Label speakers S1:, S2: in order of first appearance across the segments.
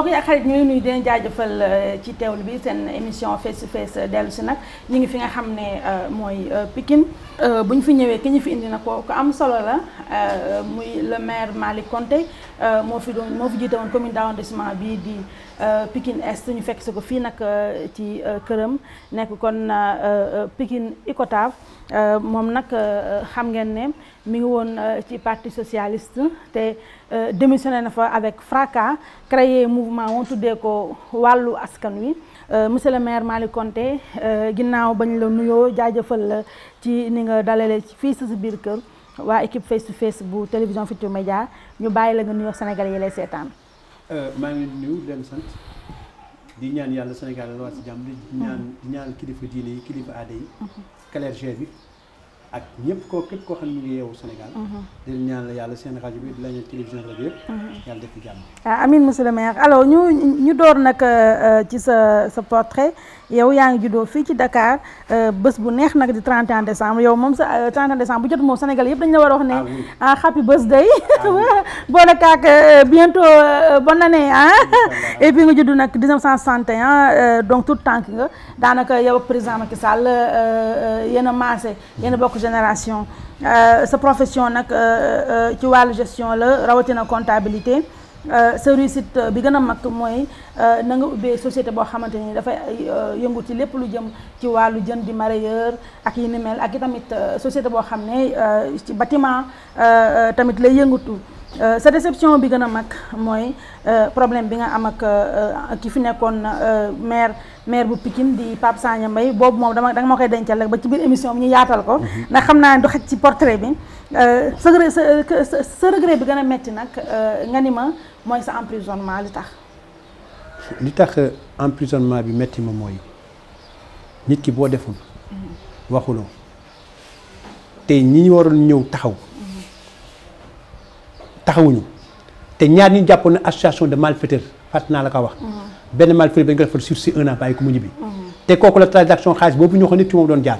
S1: mbokk yi ak xarit ñu ngi nuyu dina jaajëfal euh, ci teewlu bi seen émission face to face euh, dellu nag ñu ngi fi nga xam ne euh, mooy Pikine bu ñu fi ñëwee ki ñu fi indi na ko ko am solo la muy le maire Malick Konté moo fi doon moo fi jiite woon commune d' arrondissement bii di Euh, Pikine Est ñu fekk si ko fii nag euh, ci euh, këram nekk kon Pikine Icotaf moom nag xam ngeen ne mi ngi woon ci parti socialiste te démissionné na fa avec fracas créé mouvement woon tuddee ko wàllu askan wi monsieur le maire Malick Konté ginnaaw bañ la nuyoo jaajëfal la ci ni nga dalale fii sa biir kër waa équipe face to face bu télévision Futurs Médias ñu bàyyi la nga nuyoo Sénégal yi lay seetaan.
S2: Euh, maa ngi nuyu di leen sant di ñaan yàlla Sénégal la war si jàmm di ñaan di ñaan kilifa diine yi kilifa aada yi. clergé bi ak ñëpp koo képp koo xam ne ngi yeewu Sénégal. di ñaan yàlla seen rajo bi di la télévision rajo yëpp. yàlla def ci jàmm.
S1: ah amiin monsieur ñu ñu door nag euh, euh, ci sa sa portrait. yow yaa ngi juddoo fii ci Dakar euh, bés bu neex nag di 31 décembre yow moom sa 31 euh, décembre bu jot moom Sénégal yëpp dañu la war a wax ne ah happy birthday boo nakaak euh, bientôt bonne année ah et puis nga judd nag 1961 donc tout tànk nga daanaka yow ak président Macky Sall yéen a maase bokk génération sa profession nag ci wàllu gestion la rawatina comptabilité Euh, sa réussite euh, bi gën a mag mooy euh, na nga ubbee société boo xamante ni dafay yëngu ci lépp lu jëm ci wàllu jën di mareyeur ak yi ni mel ak i tamit société boo xam ne ci bâtiment tamit lay yëngatu sa déception bi gën a mag mooy problème bi nga am ak ki fi nekkoon maire maire bu Pikine di Pape Sagna Mbaye boobu moom dama danga ma koy dencal rek ba ci biir émission bi ñu yaatal ko mhm. ndax xam naa du xaj ci portrait bi sa sa sa regret bi gën a metti nag nga ni ma mooy sa emprisonnement li tax.
S2: li tax euh, emprisonnement bi metti ma mooy nit ki boo deful.
S1: Mm-hmm.
S2: waxuloo te ñi ñu waroon ñëw taxaw. Mm-hmm. taxawuñu te ñaar ñi jàppoon ne association de malfaiteurs fàttali naa la ko wax. Mm-hmm. benn malfaiteur dañ ko defal sursis un an bàyyi ko mu ñibbi. te kooku la transaction xaalis boobu ñoo xam ne ci moom doon jaar.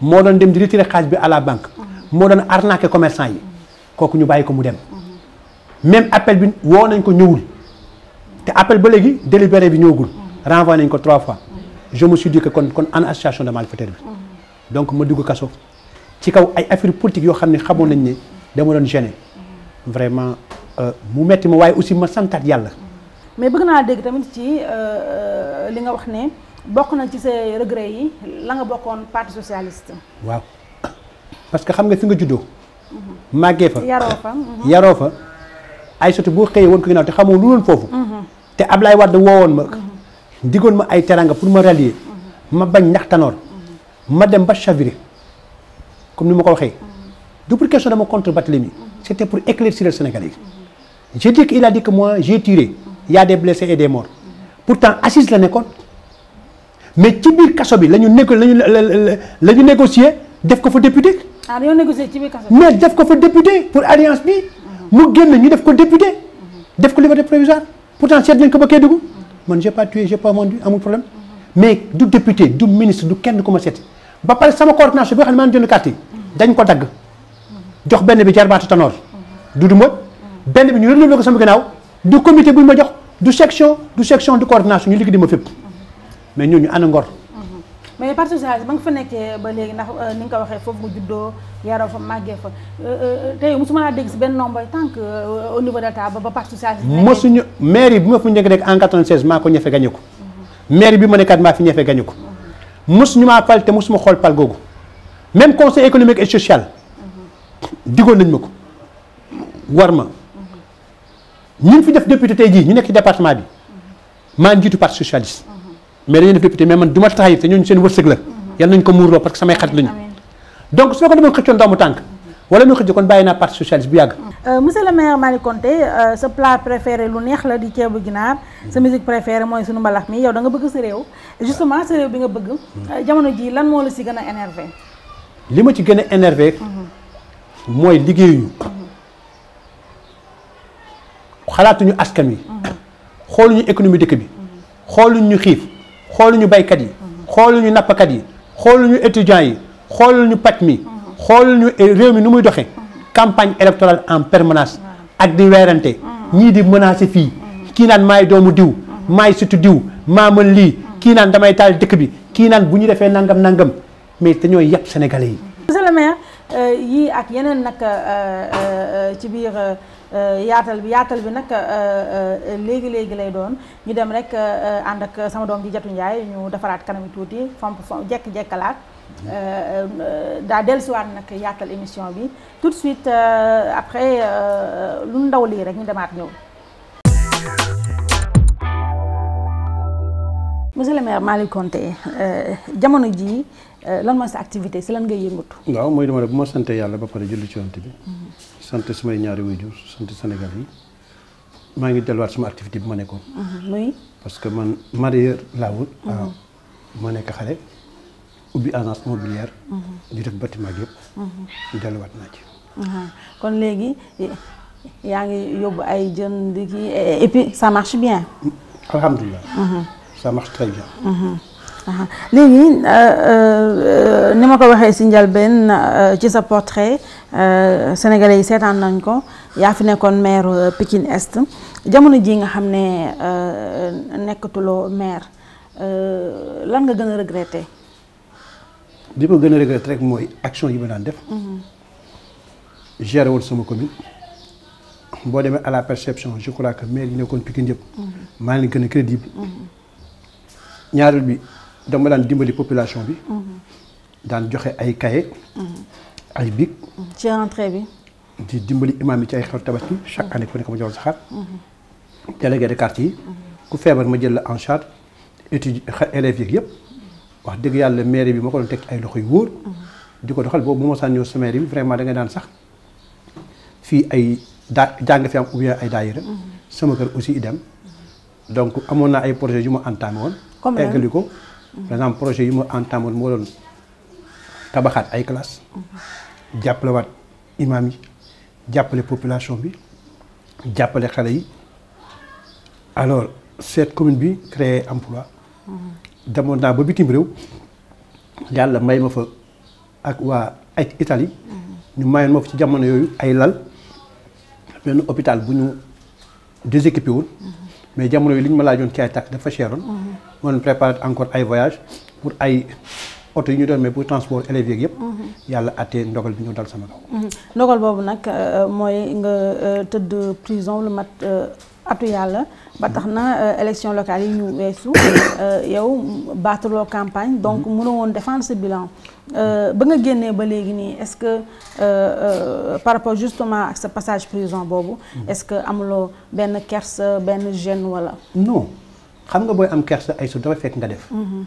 S2: moo doon dem di retirer xaalis bi à la banque. moo doon arnaquer commerçant yi. kooku ñu bàyyi ko mu dem. même appel bi woo nañ ko ñëwul te appel ba léegi délibéré bi ñëwagul renvoyé nañ ko trois fois je me suis dit que kon kon an association de mal malfaiteur bi donc ma dugg kaso ci kaw ay affaire politique yoo xam ne xamoon nañ ne dama doon gêné vraiment euh, mu metti ma waaye aussi ma santaat yàlla
S1: mais bëgg naa dégg tamit ci euh, euh, li nga wax ne bokk na ci sa regret yi la nga bokkoon parti socialiste
S2: waaw parce que xam nga fi nga juddoo mhm. màggee fa yaroo
S1: fa mhm. yaroo
S2: fa ay soti boo xëyee woon ko ginnaaw te xamoo lu loon foofu mhm. te Ablaye Wade woowoon ma digoon ma ay teranga pour ma rallier mhm. ma bañ ndax Tanor mhm. ma dem ba chaviré comme ni ma ko waxee du pour question dama contre Barthélemy c' était pour éclaircir le Sénégalais j' ai dit que il a dit que moi des blessés et des morts pourtant assise la nekkoon mais ci biir kaso bi la ñu négo la la ñu négocier def ko fa député.
S1: ah dañoo négocier ci biir kaso mais
S2: def ko fa député pour alliance bi. mu génn ñu def ko député def ko liberté provisoire pourtant seet nañ ko ba Kédougou man j'ai pas tué j'ai pas vendu amul problème mais du député du ministre du kenn ko ma seet ba pare sama coordination bi nga xam ne maa ngi jënd carte dañ ko dagg jox benn bi jarbaatu tanoor dudu mot benn bi ñu renouvelé ko sama gannaaw du comité bu ñu ma jox du section du section de coordination ñu liggéey di ma fépp mais ñooñu ana ngor
S1: mais parti socialiste ba nga fa nekkee ba léegi ndax euh, ni nga ko waxee foofu nga juddoo yaroo fa màggee fa euh, euh, tey mosuma laa dégg si benn nombre tant que au niveau de l'état ba ba parti socialiste. mosuñu
S2: mairie bi ma fi njëkk nekk en 96 maa ko ñefe gañe ko. mairie bi ma nekkaat maa fi ñefe gañe ko. mosuñu maa fal te mosuma xool pal googu. même conseil économique et social. digoon nañ ma ko. war ma. ñun fi def député tey jii ñu nekk ci département bi. maa njiitu parti socialiste. mais dañoo def député mais man du ma taayif te ñooñu seen wërsëg la yàlla nañ ko muurloo parce que samay xarit lañu donc su ma ko demoon xëccoon doomu tànk wala ñu xëcc kon bàyyi naa parti socialiste bu yàgg.
S1: Euh, monsieur le maire Malick Konté euh, sa plat préféré lu neex la di ceebu ginaar sa musique préférée mooy sunu mbalax mi yow da nga bëgg sa réew justement sa réew bi nga bëgg hmm. euh, jamono ji lan moo la si gën a énervé
S2: li ma ci gën a énervé hmm. mooy liggéeyuñu xalaatuñu askan wi hmm. xooluñu économie bi xooluñu xiif xooluñu baykat yi xooluñu nappkat yi xooluñu étudiants yi xooluñu paj mi xooluñu réew mi nu muy doxee campagne électorale en permanence ak di weerante ñii di menacer fii kii naan maay doomu diw maay sutu diw maa mën lii kii naan damay taal dëkk bi kii naan bu ñu defee nangam nangam mais dañoo yàpp sénégalais yi.
S1: Euh, ak yeneen nag euh, euh, ci biir. Euh, yaatal bi yaatal bi nag euh, euh, léegi léegi lay doon ñu dem rek ànd ak sama doom ji Jatu Njaay ñu defaraat kanam tuuti fomp fomp jekk-jekkalaat mm-hmm. daa dellusiwaat nag yaatal émission bi tout de suite après lu ndaw lii rek ñu demaat ñëw. monsieur le maire Malick jamono jii lan mooy sa activité si lan ngay yëngatu.
S2: waaw mooy dama ne bu ma sante yàlla ba pare julli ci bi. Mm-hmm. sant samay ñaari waajur sant Sénégal yi maa ngi delluwaat sama activité bi ma nekkoon. oui parce que man marieur laa woon. Ah, ma nekk xale. ubbi agence immobilière. di def bâtiment yëpp. naa ci.
S1: kon léegi yaa ngi yóbbu ay jën di kii et puis ça bien.
S2: alhamdulilah. ça marche très bien.
S1: lii euh, euh, ni ma ko waxee si njalbeen euh, ci sa portrait sénégalais yi seetaan nañ ko yaa fi nekkoon maire Pikine Est jamono ji nga xam ne nekkatuloo maire lan nga gën a regretter.
S2: li ma gën a regretter rek mooy action yi ma daan def. Mhm. géré wul sama commune. boo demee à la perception je crois que maire yi nekkoon Pikine yëpp. Mhm. maa ngi leen gën a crédible.
S3: Mhm.
S2: ñaareel bi. dama daan dimbali population bi. daan joxe ay kaye. ay bic.
S1: ci rentrée bi.
S2: di dimbali imaam yi ci ay xew tabaski chaque année ku nekk ma jox saxaar. délégué de quartier ku feebar ma jël la en charge étudiants yëpp. wax dëgg yàlla mairie bi ma ko doon teg ay loxo yu wóor. di ko doxal boobu bu ma saan sa mairie bi vraiment da nga daan sax fii ay daa jàng fi am ou ay daayira sama kër aussi idem donc amoon naa ay projet yu ma entamé woon. comme eggali ko. par exemple projet yi mu entamoon moo doon tabaxaat ay classe jàppalewaat imam yi jàppale population bi jàppale xale yi alors cette commune bi créé emploi demoon naa ba bitim réew yàlla may ma fa ak waa ak Italie ñu mayoon ma fa ci jamono yooyu ay lal benn hôpital bu ñu déséquipé woon mais jamono yi li ñu ma laajoon ci ay tax dafa cheroon on prépare encore ay voyage pour ay oto yu ñu doon mais pour transport élèves yëpp. Mhm. yàlla àttee ndogal bi ñu dal sama kaw.
S1: Mhm. ndogal boobu nag euh, mooy nga euh, tëdd prison lu mat euh, atu yàlla. ba tax na élection locale yi ñu weesu yow baataloo campagne mhm. donc mënoo woon défendre ce bilan. ba nga génnee ba léegi nii est-ce que par rapport justement ak sa passage prison boobu. est-ce que amuloo benn kersa
S2: benn gêne wala. xam nga booy am kers ay su dara fekk nga def. Mhm.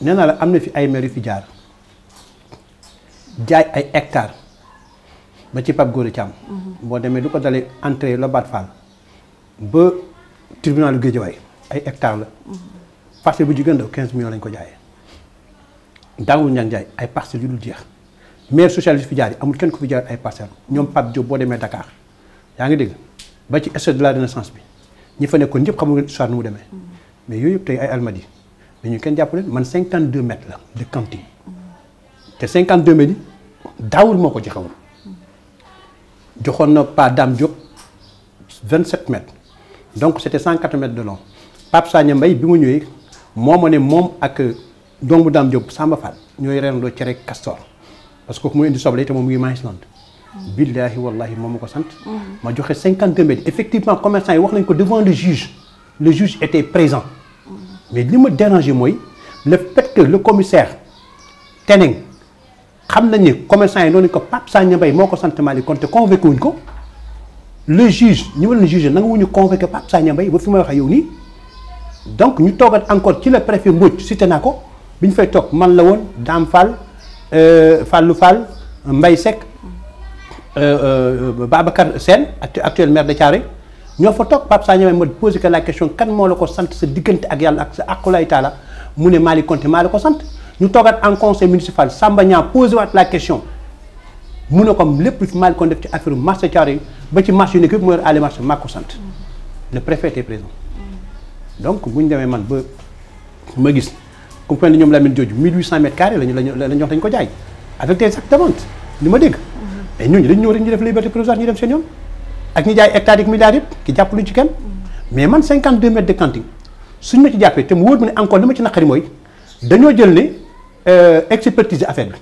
S2: nee naa la am na fi ay maire yu fi jaar jaay ay hectares ba ci Pape Gora Thiam. Mhm. boo demee lu ko dalee entrée Lobatt Fall ba tribunal lu Guédiawaye ay hectares la. Mhm. parcelle bu jigéen daw 15 millions lañ ko jaayee. daawul ñang jaay ay parcelles yu dul jeex maire socialiste fi jaar yi amul kenn ku fi jaar ay parcelles ñoom Pape Diop boo demee Dakar yaa ngi dégg ba ci stade de la Renaissance bi. ñi fa nekkoon ñëpp xamul histoire nu mu demee mais yooyu yëpp tey ay almadi mais ñu kenn jàpp leen man 52 mètres la de cantine te cinquante mètres yi daawul moo ko joxewoon joxoon na pas Dame Diop 27 mètres donc c' était 104 mètres de long Pape Sagna Mbaye bi mu ñëwee moo ma ne moom ak doomu Dame Diop Samba Fall ñooy reendoo cere castor parce que ku mu indi soble te moom mu ngi Maïslande billaahi wallaahi moom ma ko sant. Mhm. ma joxe cinquante deux mètres effectivement commerçant yi wax nañ ko devant le juge le juge était présent. Mhm. mais li ma dérangé mooy le fait que le commissaire Teneng xam nañu ne commerçant yi noonu ko Pape Sagna Mbaye moo ko sant Malick Konte convoqué wuñ ko le juge ñu war leen jugé nanga wuñu convoqué Pape Sagna Mbaye ba fi may wax yow nii donc ñu toogat encore ci la préfet Mbodj cité naa ko bi ñu fay toog man la woon Dame Fall euh, Fallou Fall Mbaye Seck. Euh, euh, Babacar Sène actuel maire de Thiaré ñoo fa toog Pape Sagnamay ma posé que la question kan moo la ko sant sa diggante ak yàlla ak sa aqulay taala mu ne Malick Konté maa ko sant ñu toogaat en conseil municipal Samba Niang posé waat la question mu ne ko lépp lu fi Malick Konté def ci affaire marché Thiaré ba ci marché yu nekk yëpp mu yor àll marché maa ko sant le préfet présent donc bu ñu demee man ba ma gis ku mel ni ñoom Lamine Diodji 1800 mètres carrés lañu lañu lañu jox dañu ko jaay avec li ma dégg. mais ñooñu dañ ñëw rek ñu def liberté provisoire ñu dem seen yoon ak ñi jaay hectare yi milliards yëpp ki jàpp luñ ci kenn mais man 52 mètres de cantine suñ ma ci jàppee te mu wóor ma ne encore li ma ci naqari mooy dañoo jël ne euh, expertise affaire bi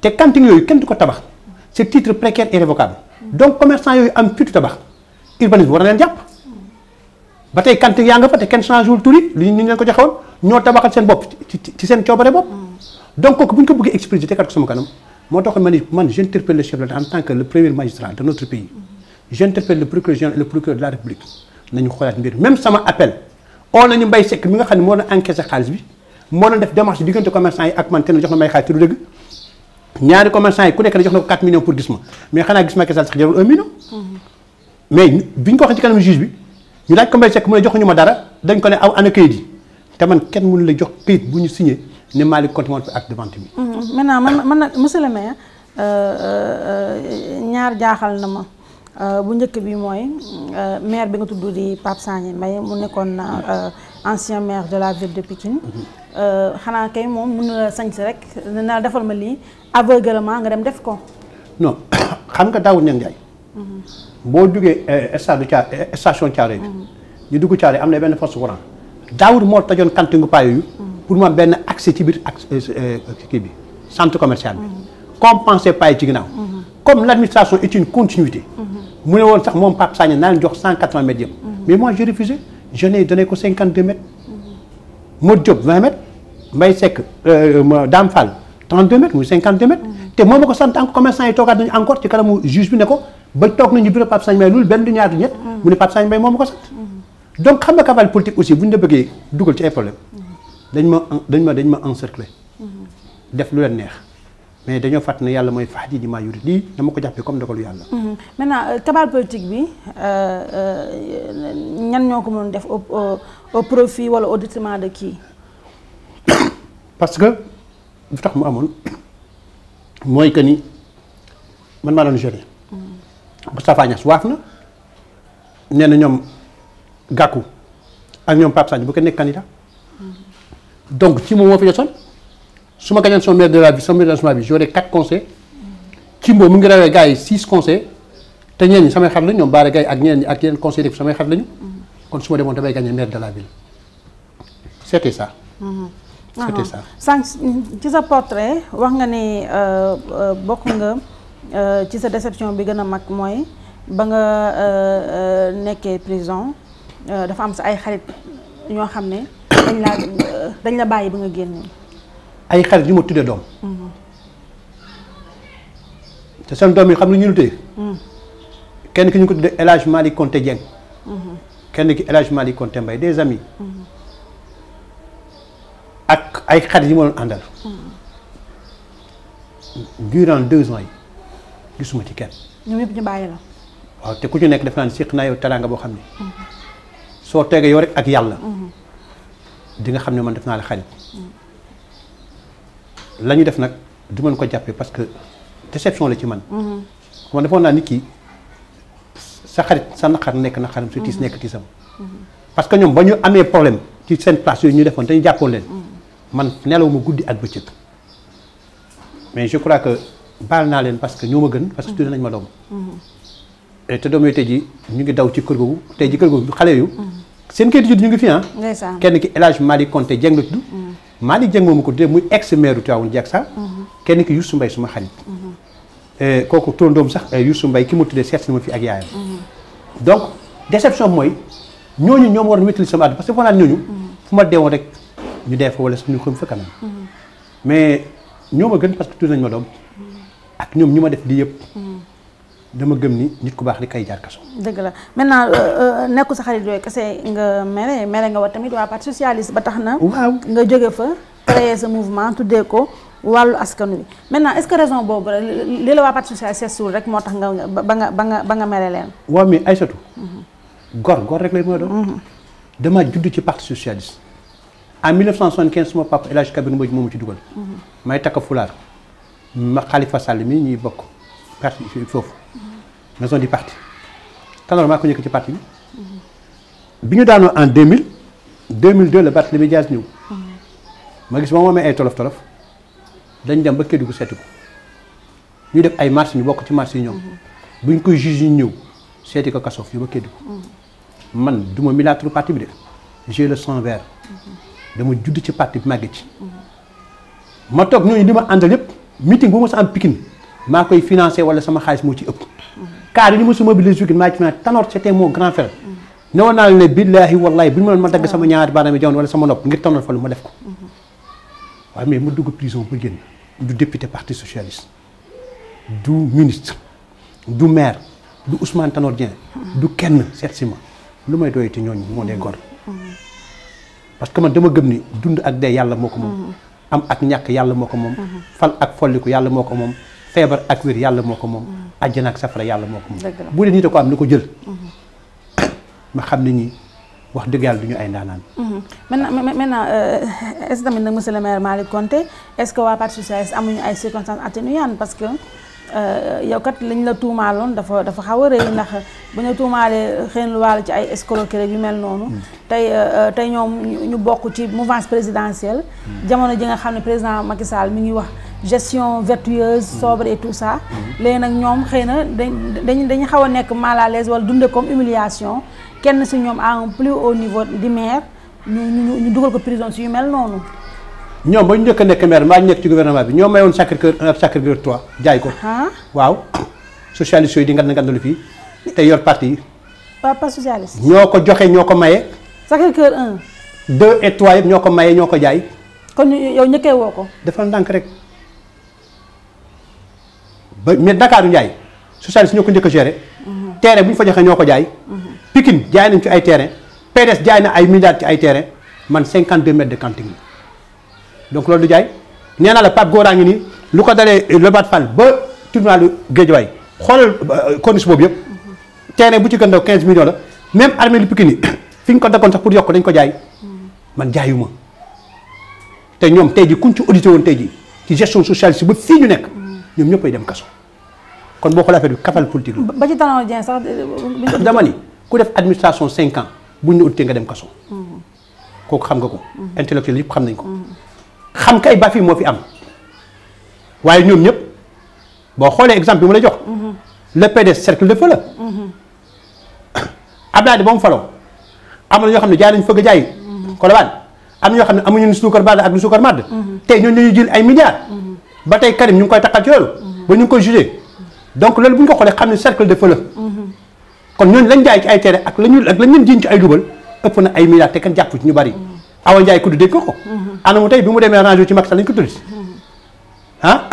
S2: te cantine yooyu kenn du ko tabax c'est titre précaire et révocable donc commerçant yooyu am fitu tabax urbanisme war na leen jàpp ba tey cantine yaa nga fa te kenn changé wul tur yi ñu ko joxe woon ñoo seen bopp ci seen coobare bopp mm. donc kooku ko bëggee expliquer sama kanam moo tax ma ni man j'interpelle le chef de l'État en tant que le premier magistrat de notre pays j'interpelle le procureur le procureur de la République nañu xoolaat mbir même sama appel oo nañu Mbaye Seck mi nga xam ne moo doon encaissé xaalis bi moo doon def démarche diggante commerçant yi ak man te ne jox na may xaalis te du dëgg ñaari commerçant yi ku nekk ne jox na ko 4 millions pour gis ma mais xanaa gis Macky Sall sax jarul million
S3: mm-hmm.
S2: mais bi ñu ma dara dañ ko ne aw ana kayit yi te man jox kayit bu ne Malick compté woon ak devant bi.
S1: Mhm. maintenant man man nag monsieur le euh, euh, euh, ñaar jaaxal na ma bu njëkk bi mooy maire bi nga tudd di Pape Sagné Mbaye mu nekkoon na ancien maire de la ville de Pikine. Mhm. xanaa kay moom mën na la sañ rek na defal ma lii aveuglement nga dem def ko.
S2: non xam nga daawul ñoom Ndiaye. Mhm. boo duggee stade Thiar station Thiaroye bi. ñu dugg Thiaroye am na benn poste courant daawul moo tajoon kantingu paa yooyu. pour mu am benn accès ci biir ak euh, euh, kii bi centre commercial bi. compenser paille ci ginnaaw. comme l' administration est une continuité. mu ne woon sax moom Pape Sagna naa jox cent quatre-vingts mètres yëpp. mais moi j'ai refusé je n'ai donné que cinquante deux mètres. Modou Diop vingt mètres Mbaye Seck euh, Dame Fall trente deux mètres muy cinquante deux mètres. te moom ma ko sant encore commerçant yi toogaat nañu encore ci kanamu juge bi ne ko ba toog nañu bureau Pape Sagna Mbaye loolu benn du ñaar ñett. mu ne Pape Sagna Mbaye moom ma ko bu ñu la bëggee dugal ci dañ ma dañ ma dañ ma encercler def lu leen neex mais dañoo fàtt ne yàlla mooy fax ji di maa yuri di dama ko jàppee comme dogalu yàlla
S1: mm-hmm. maintenant cabal euh, politique bi euh, euh, ñan ñoo ko mën def au profit wala au détriment de kii
S2: parce que lu tax mu amoon mooy que ni man maa doon géré
S3: mm-hmm.
S2: Moustapha Niass waaf na nee na ñoom Gakou ak ñoom Pape Sagne bu ko nekk candidat donc ci moom moo fi desoon su ma gañoon son maire de la ville son maire de la ville j'aurais quatre conseils ci moom mu ngi rawee gars yi six conseils te ñeen ñi samay xar la ñoom Baara Gaye ak ñeen ñi ak yeneen conseil def samay xar lañu kon su ma demoon damay gagné maire de la ville c'était ça.
S1: Mm-hmm. c'était ah sànq ci sa portrait wax nga ni euh, euh, bokk nga euh, ci sa déception bi gën a mag mooy ba nga nekkee prison dafa am sa ay xarit ñoo xam ne. dañ laa dañ la bàyyi ba nga génn.
S2: ay xarit yu ma tuddee doom. Mm-hmm. te seen doom yi xam nañ ñu tey. Mm-hmm. kenn ki ñu ko tuddee El Hadj Malick Konté
S3: mm-hmm.
S2: kenn ki El Hadj Malick Konté Mbaye des ak ay xarit yi ma doon àndal. durant deux gisuma ci kenn.
S1: ñoom yëpp ñu bàyyi la.
S2: waaw te ku ci nekk dafa naa ne seq naa yow teraanga boo xam ne. soo tegee yow rek ak yàlla. di nga xam ne man def naa la xarit la ñu def nag du mën ko jàppee parce que déception la ci man mm-hmm. man defoon naa nit ki sa xarit sa naqar nekk naqaram su tiis mm-hmm. nekk tiisam mm-hmm. parce que ñoom ba ñu amee problème ci seen place yooyu ñu defoon dañu jàppoon leen man nelawuma guddi ak bëccëg mais je crois que baal naa leen parce que ñoo ma gën parce que tuddee nañ ma doom te doom yooyu tey ñu ngi daw ci kër googu tey ji kër googu xale yu seen kayitu judd ñu ngi fi ah. kenn ki El Hadj Malick Konté Dieng la tudd. Mm-hmm. Malick Dieng moomu ko tuddee muy ex maire du Tivaouane Diacksha. Mm-hmm. kenn ki Youssou Mbaye suma xarit. Mm-hmm. Eh, kooku tóndoom sax eh, Youssou mbay ki ma tuddee seet si ma fi ak yaayam. donc déception mooy ñooñu ñoom war na wétali sama àdduna parce que foo naan ñooñu. fu ma deewoon rek ñu dee fa wala suñu xëm fa kanam. mais ñoo ma gën parce que tudd nañ ma doom. ak ñoom ñu ma def lii yëpp. dama gëm ni nit ku baax li kay jaar kaso.
S1: dëgg la maintenant euh, euh, nekku sa xarit yooyu kese nga mere mere nga war tamit waa parti socialiste ba tax na. waaw nga jóge fa créer sa mouvement tuddee ko wàllu askan wi maintenant est-ce que raison boobu rek li la waa moo tax nga ba nga ba nga ba nga mere leen.
S2: waaw mais Aïssatou. Mhm. gor gor rek lay mooy doon. Mhm. dama judd ci parti socialiste. en 1975 sama papa El Hadj Kabir Mbodj moomu ci dugal. Mhm. may takk fulaar ma xalifa Sall mii ñuy bokk. parti foofu maison du parti Tanor maa ko njëkk ci parti bi bi ñu daanoo en mille 2002 la Barthélémy Dias ñëw ma gis moom moomee ay tolof tolof dañ dem ba Kédougou seeti ko ñu def ay marche ñu bokk ci marche yi ñoom bu ñu koy juge ñu ñëw seeti ko kaso fi ba Kédougou man du ma militaire parti bi de j'ai le sang vert dama judd ci parti bi màgge ci ma toog ñooñu li ma àndal yëpp meeting bu ma sa am Pikine maa koy financé wala sama xaalis moo ci ëpp. kaar yi ni ma su mobilisé maa ci financé Tanor c'était mon grand frère. ne woon naa la ne billaahi wallaahi bu ñu ma dagg sama ñaari baaraam yi jamono wala sama nopp ngir Tanor fa lu ma def ko. waaye mais mu dugg prison ba génn du député parti socialiste du ministre du maire du Ousmane Tanor Dieng du kenn seet si ma lu may doyati ñooñu moo dee gor. parce que man dama gëm ni dund ak dee yàlla moo ko moom. Mm-hmm. yàlla moo ko moom. Mm-hmm. yàlla moo ko moom. feebar ak wér yàlla moo ko moom mm. àjjana ak safara yàlla moo ko moom bu dee nit a ko am ni ko jël
S1: mm-hmm.
S2: ma xam ne ñi wax dëgg yàlla du ñu ay ndaanaan
S1: mm-hmm. maintenant maintenant euh, est ce tamit nag monsieur le maire Malick Konté est ce que waa parti socialiste amuñu ay circonstances atténuantes euh, a yu mel noonu. Mm. tey euh, tey ñoom ñu bokk ci mouvance présidentielle. Mm. jamono ji xam ne président Macky Sall ngi wax. gestion vertueuse mhm. sobre et tout ça mhm. léegi nag ñoom xëy na dañ dañu xaw a nekk mal à l'aise wala dunde comme humiliation kenn si ñoom à un plus haut niveau di maire ñu dugal ko prison si yu mel noonu
S2: ñoom ba ñu njëkk a nekk maire maa nekk ci gouvernement bi ñoo mayoon Sacré-Cœur un euh, Sacré-Cœur trois jaay ko ah? waaw socialiste yooyu di nga ngandalu fii te yor parti yi
S1: papa socialiste
S2: ñoo ko joxe ñoo ko maye Sacré-Cœur un deux et trois yëpp ñoo ko maye ñoo ko jaay
S1: kon yow woo ko
S2: defal ndànk rek ba mais Dakar Ndiaye socialiste ñoo ko njëkk a géré. terrain bu fa joxee ñoo ko jaay. Pikine jaay nañ ci ay terrain PDS jaay na ay milliards ci ay terrain man 52 mètres de cantine la donc loolu du jaay nee naa la Pape Gora ngi nii lu ko dalee Lobat Fall ba tournalu Guédiawaye xoolal euh, corniche boobu yëpp. terrain bu ci gën quinze 15 millions la même armée lu Pikine yi fi ñu ko dakkoon sax pour yokk dañ ko jaay man jaayu ma te ñoom tey ji kuñ ci audité woon tey ji ci gestion sociale si ñu nekk. ñoom ñëpp ay dem kaso kon boo xoolee affaire bi kafal politique la.
S1: ba ci Tanor Dieng
S2: ku def administration cinq ans buñ la uttee nga dem kaso. kooku xam nga ko. intellectuel yëpp xam nañ ko. xam kay ba fii moo fi am waaye ñoom ñëpp boo xoolee exemple bi ma la jox. le PDS cercle de feu la. Abdoulaye ba mu faloo am ñoo xam ne jaay nañu fëgg jaay. Colobane am na ñoo xam ne amuñu suukar baad ak lu suukar màdd. tey ñooñu dañuy jël ay milliards. ba tey Karim ñu ngi koy taxal ci loolu. ba ñu ngi koy jugé donc loolu bu ñu ko xoolee xam ne cercle de feu kon ñooñu lañ jaay ci ay terrain ak lañu ak lañ leen jiiñ ci ay dubal ëpp na ay milliards te kan jàpp ci ñu bari. Awa Ndiaye ku dégg ko anamu tey bi mu demee ranger ci Macky Sall lañ ko tudd. ah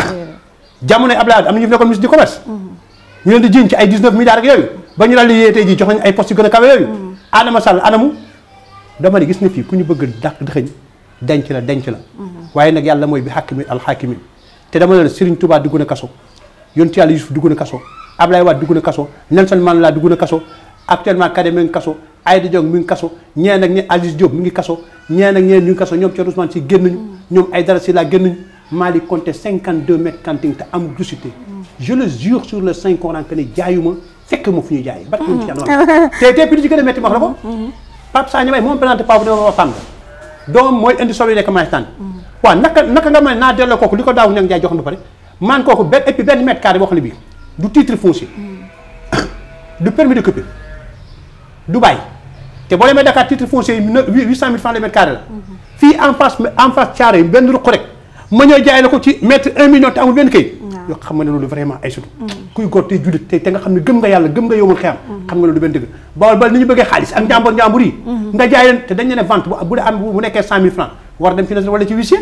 S2: jamonoy Abdoulaye Wade am na ñu fi nekkoon ministre du commerce. ñu leen di jiiñ ci ay 19 milliards ak yooyu ba ñu daal di yee jox nañ ay postes yu gën a kawe yooyu. Adama Sall anamu dama gis na fii ku ñu bëgg dàq dëxëñ denc la denc la waaye nag yàlla mooy bi xàkki mi mi te dama ne Serigne Touba dugg na kaso yontu yàlla Yusuf dugg na kaso Ablaye Wade dugg na kaso Nelson Mandela dugg na kaso actuellement Kade mi ngi kaso Aïda Diong mi ngi kaso ñeen ak ñeen Aziz Diop mi ngi kaso ñeen ak ñeen ñu ngi kaso ñoom Thierno Ousmane si génnuñu ñoom Aïdara Sylla génnuñu Malick compté mètres cantine te am grosité je le jure sur le Saint Coran que ne jaayuma fekk ma fu ñuy jaay te te pidi ci gën a métti ma wax la ko mm-hmm. Pape Sagna Mbaye moom présenté Pape waaw naka naka nga mën naa delloo kooku li ko daaw nag jaay jox na pare maan kooku benn et puis benn mètre carré boo xam ne bii du titre foncier du permis de couper du bàyyi te boo demee Dakar titre foncier yi huit cent mille francs le mètre la mhm. fii en face en yi benn ruq rek ma ñëw jaay la ko ci mètre un million te amul benn kayit yoo xam nga ne loolu vraiment ay sutu mhm. kuy góor tey jullit te nga xam ne gëm nga yàlla gëm nga yowmul xeyam mhm. xam nga loolu benn dëgg bawal bal ni ñu bëggee xaalis war dem finance wala ci huissier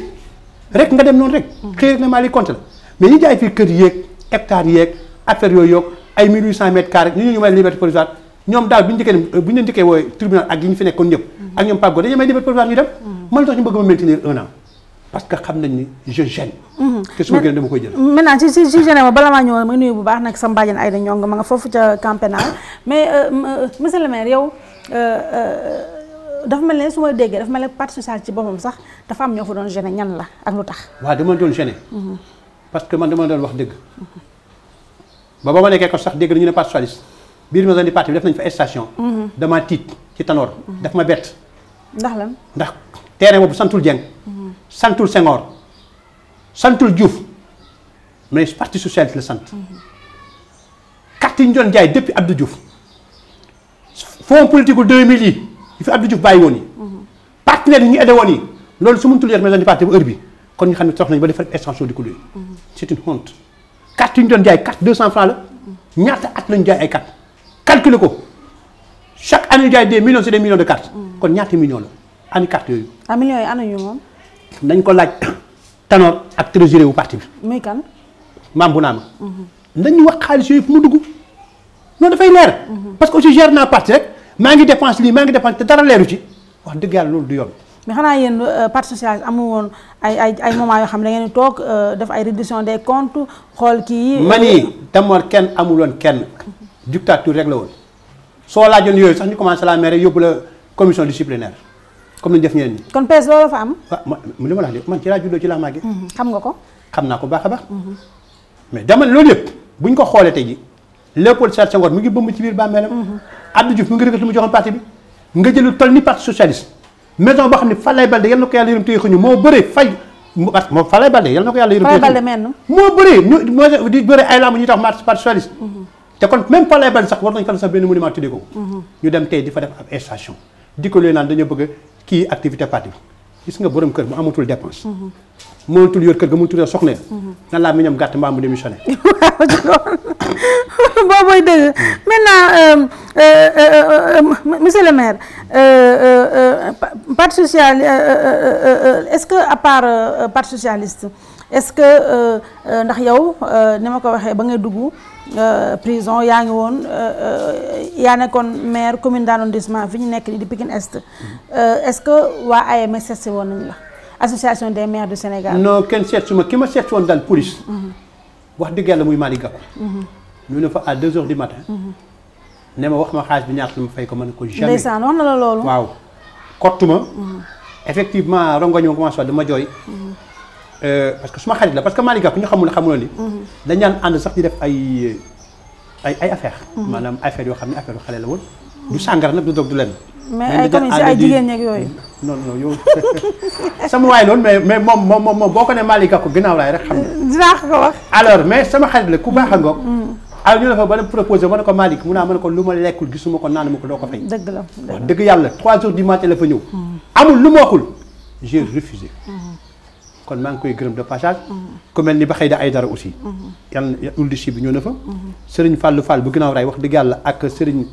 S2: rek nga dem noonu rek. xëy rek ne compte la mais ñi jaay fii kër yeeg hectares yeeg affaires yooyu yokk ay 1800 mètres carrés ñu ñu may liberté provisoire ñoom daal bu ñu njëkkee njëkkee wooye tribunal ak yi ñu fi nekkoon ñëpp. ak ñoom Pape Gode dañuy may liberté provisoire ñu dem. man la ñu bëgg ma maintenir un parce que xam nañ ni je gêne.
S1: Mm-hmm. te su ma gën dama koy jël. dafa mel ne su ma déggee dafa mel ne parti social ci boppam sax dafa am ñoo fa doon gêné ñan la ak lu tax.
S2: waaw dama doon gêné. Mhm. parce que man dama doon wax dëgg. ba ba ma nekkee ko sax dégg nañu ne parti socialiste biir maison di parti bi def nañu fa station. Mhm. dama tiit ci tanoor. Mhm. daf ma bett. ndax lan ndax terrain boobu santul Dieng. santul Senghor santul Diouf mais parti socialiste la sant. carte yi ñu doon jaay depuis Abdou Diouf. fonds politique gu 2000 yi. yu fi Abdou Diouf bàyyi woon yi partenaire yi ñu aidé woon yi loolu su mënutul yor maison du parti bu heure bi ko luy c'est une yu ñu doon ko la ani carte yooyu
S1: ah millions yi anañu
S2: nañ ko laaj Tanor ak trésorier wu parti bi muy kan maam bu naa ma mhm. nañu wax xaalis yooyu fu mu dugg noonu dafay leer mhm. parce que aussi gère naa parti rek maa ngi dépense lii maa ngi dépense te dara leeru ci wax dëgg yàlla loolu du yoon.
S1: mais xanaa yéen euh, parti socialiste amu woon ay ay moment yoo xam ne da ngeen euh, def ay réduction des xool kii. man yi
S2: demoon kenn amuloon kenn. dictature rek la woon soo laajoon yooyu sax ñu commencé la maire yóbbu la commission disciplinaire comme ni ñu def ñeneen ñi. kon PS loolu fa am. Ah, waaw man ma ci laa juddoo ci laa màggee. Mm-hmm. xam nga ko. xam naa ko baax a baax. Mm-hmm. mais demal loolu yëpp bu ñu ko xoolee tey ji Léopold Sédar Senghor mu ngi bëmb ci biir bàmmeelam. Mm-hmm. Abdou Diouf mu ngi rëkkat lu mu joxoon parti bi nga jël lu toll ni parti socialiste maison boo xam ne Falaye Balde yal na ko yàlla yërëm téye ko ñu moo bëree fay moo Falaye Balde yal na ko yàlla yërëm téye ko moo bëree ñu di bëree ay lamb ñuy tax parti socialiste mhm. te kon même Falaye Balde sax war nañ ko sax benn monument tuddee ko mhm. ñu dem tey di fa def ab station di leen naan dañoo bëgg kii activité parti bi gis nga borom kër mu amatul dépense mhm. mënatul yor kër ga mënatul yor soxna nan laa mi ñam gàtt mbaa mu démissionné waaw d'accord
S1: boo mooy dëgg maintenant monsieur le maire parti social est-ce que à part parti socialiste est-ce que ndax yow ni ma ko waxee ba ngay dugg prison yaa ngi woon yaa nekkoon maire commune d'arrondissement fi ñu nekk nii di Pikine Est est-ce que waa AMS woon nañ la association des maires du Sénégal. non
S2: kenn seet su ma ki ma seet woon daal police. Mm-hmm. wax dëgg yàlla muy Malick Gakou.
S1: Mm-hmm.
S2: ñu ne fa à 2 heures du matin. Mm-hmm. ne ma wax ma xaalis bi ñaata la ma fay ko ma ne ko. jamais ndeysaan wax na la loolu. waaw kottu ma. effectivement rongoñ ma commencé wax dama jooy. Euh, parce que suma xarit la parce que Malick Gakou ñu xamul xamuloo ni. dañ daan ànd sax di def ay ay ay affaires. maanaam affaire yoo xam ne affaire yu xale la woon. du sàngara nag du dog du lenn. mais ay comme si ay jigéen ñeeg yooyu. non non yow sama waay loolu mais mais moom moom moom boo ko ne Malick Gakou ginnaaw laay rek xam ne. dinaa ko wax. alors mais sama xarit la ku baax a ngoog. Mm. alors ñu ne fa ba leen proposé ma ne ko Malick mu naa ah, ma ne ko lu ma lekkul gisuma ko naan ma ko mm.
S3: mm.
S2: maa ngi koy gërëm de passage. ku mel ni ba xëy da ay dara aussi. yàlla na uldi si bi ñëw na fa. Serigne Fallou Fall bu ginnaaw raay wax dëgg yàlla ak Serigne.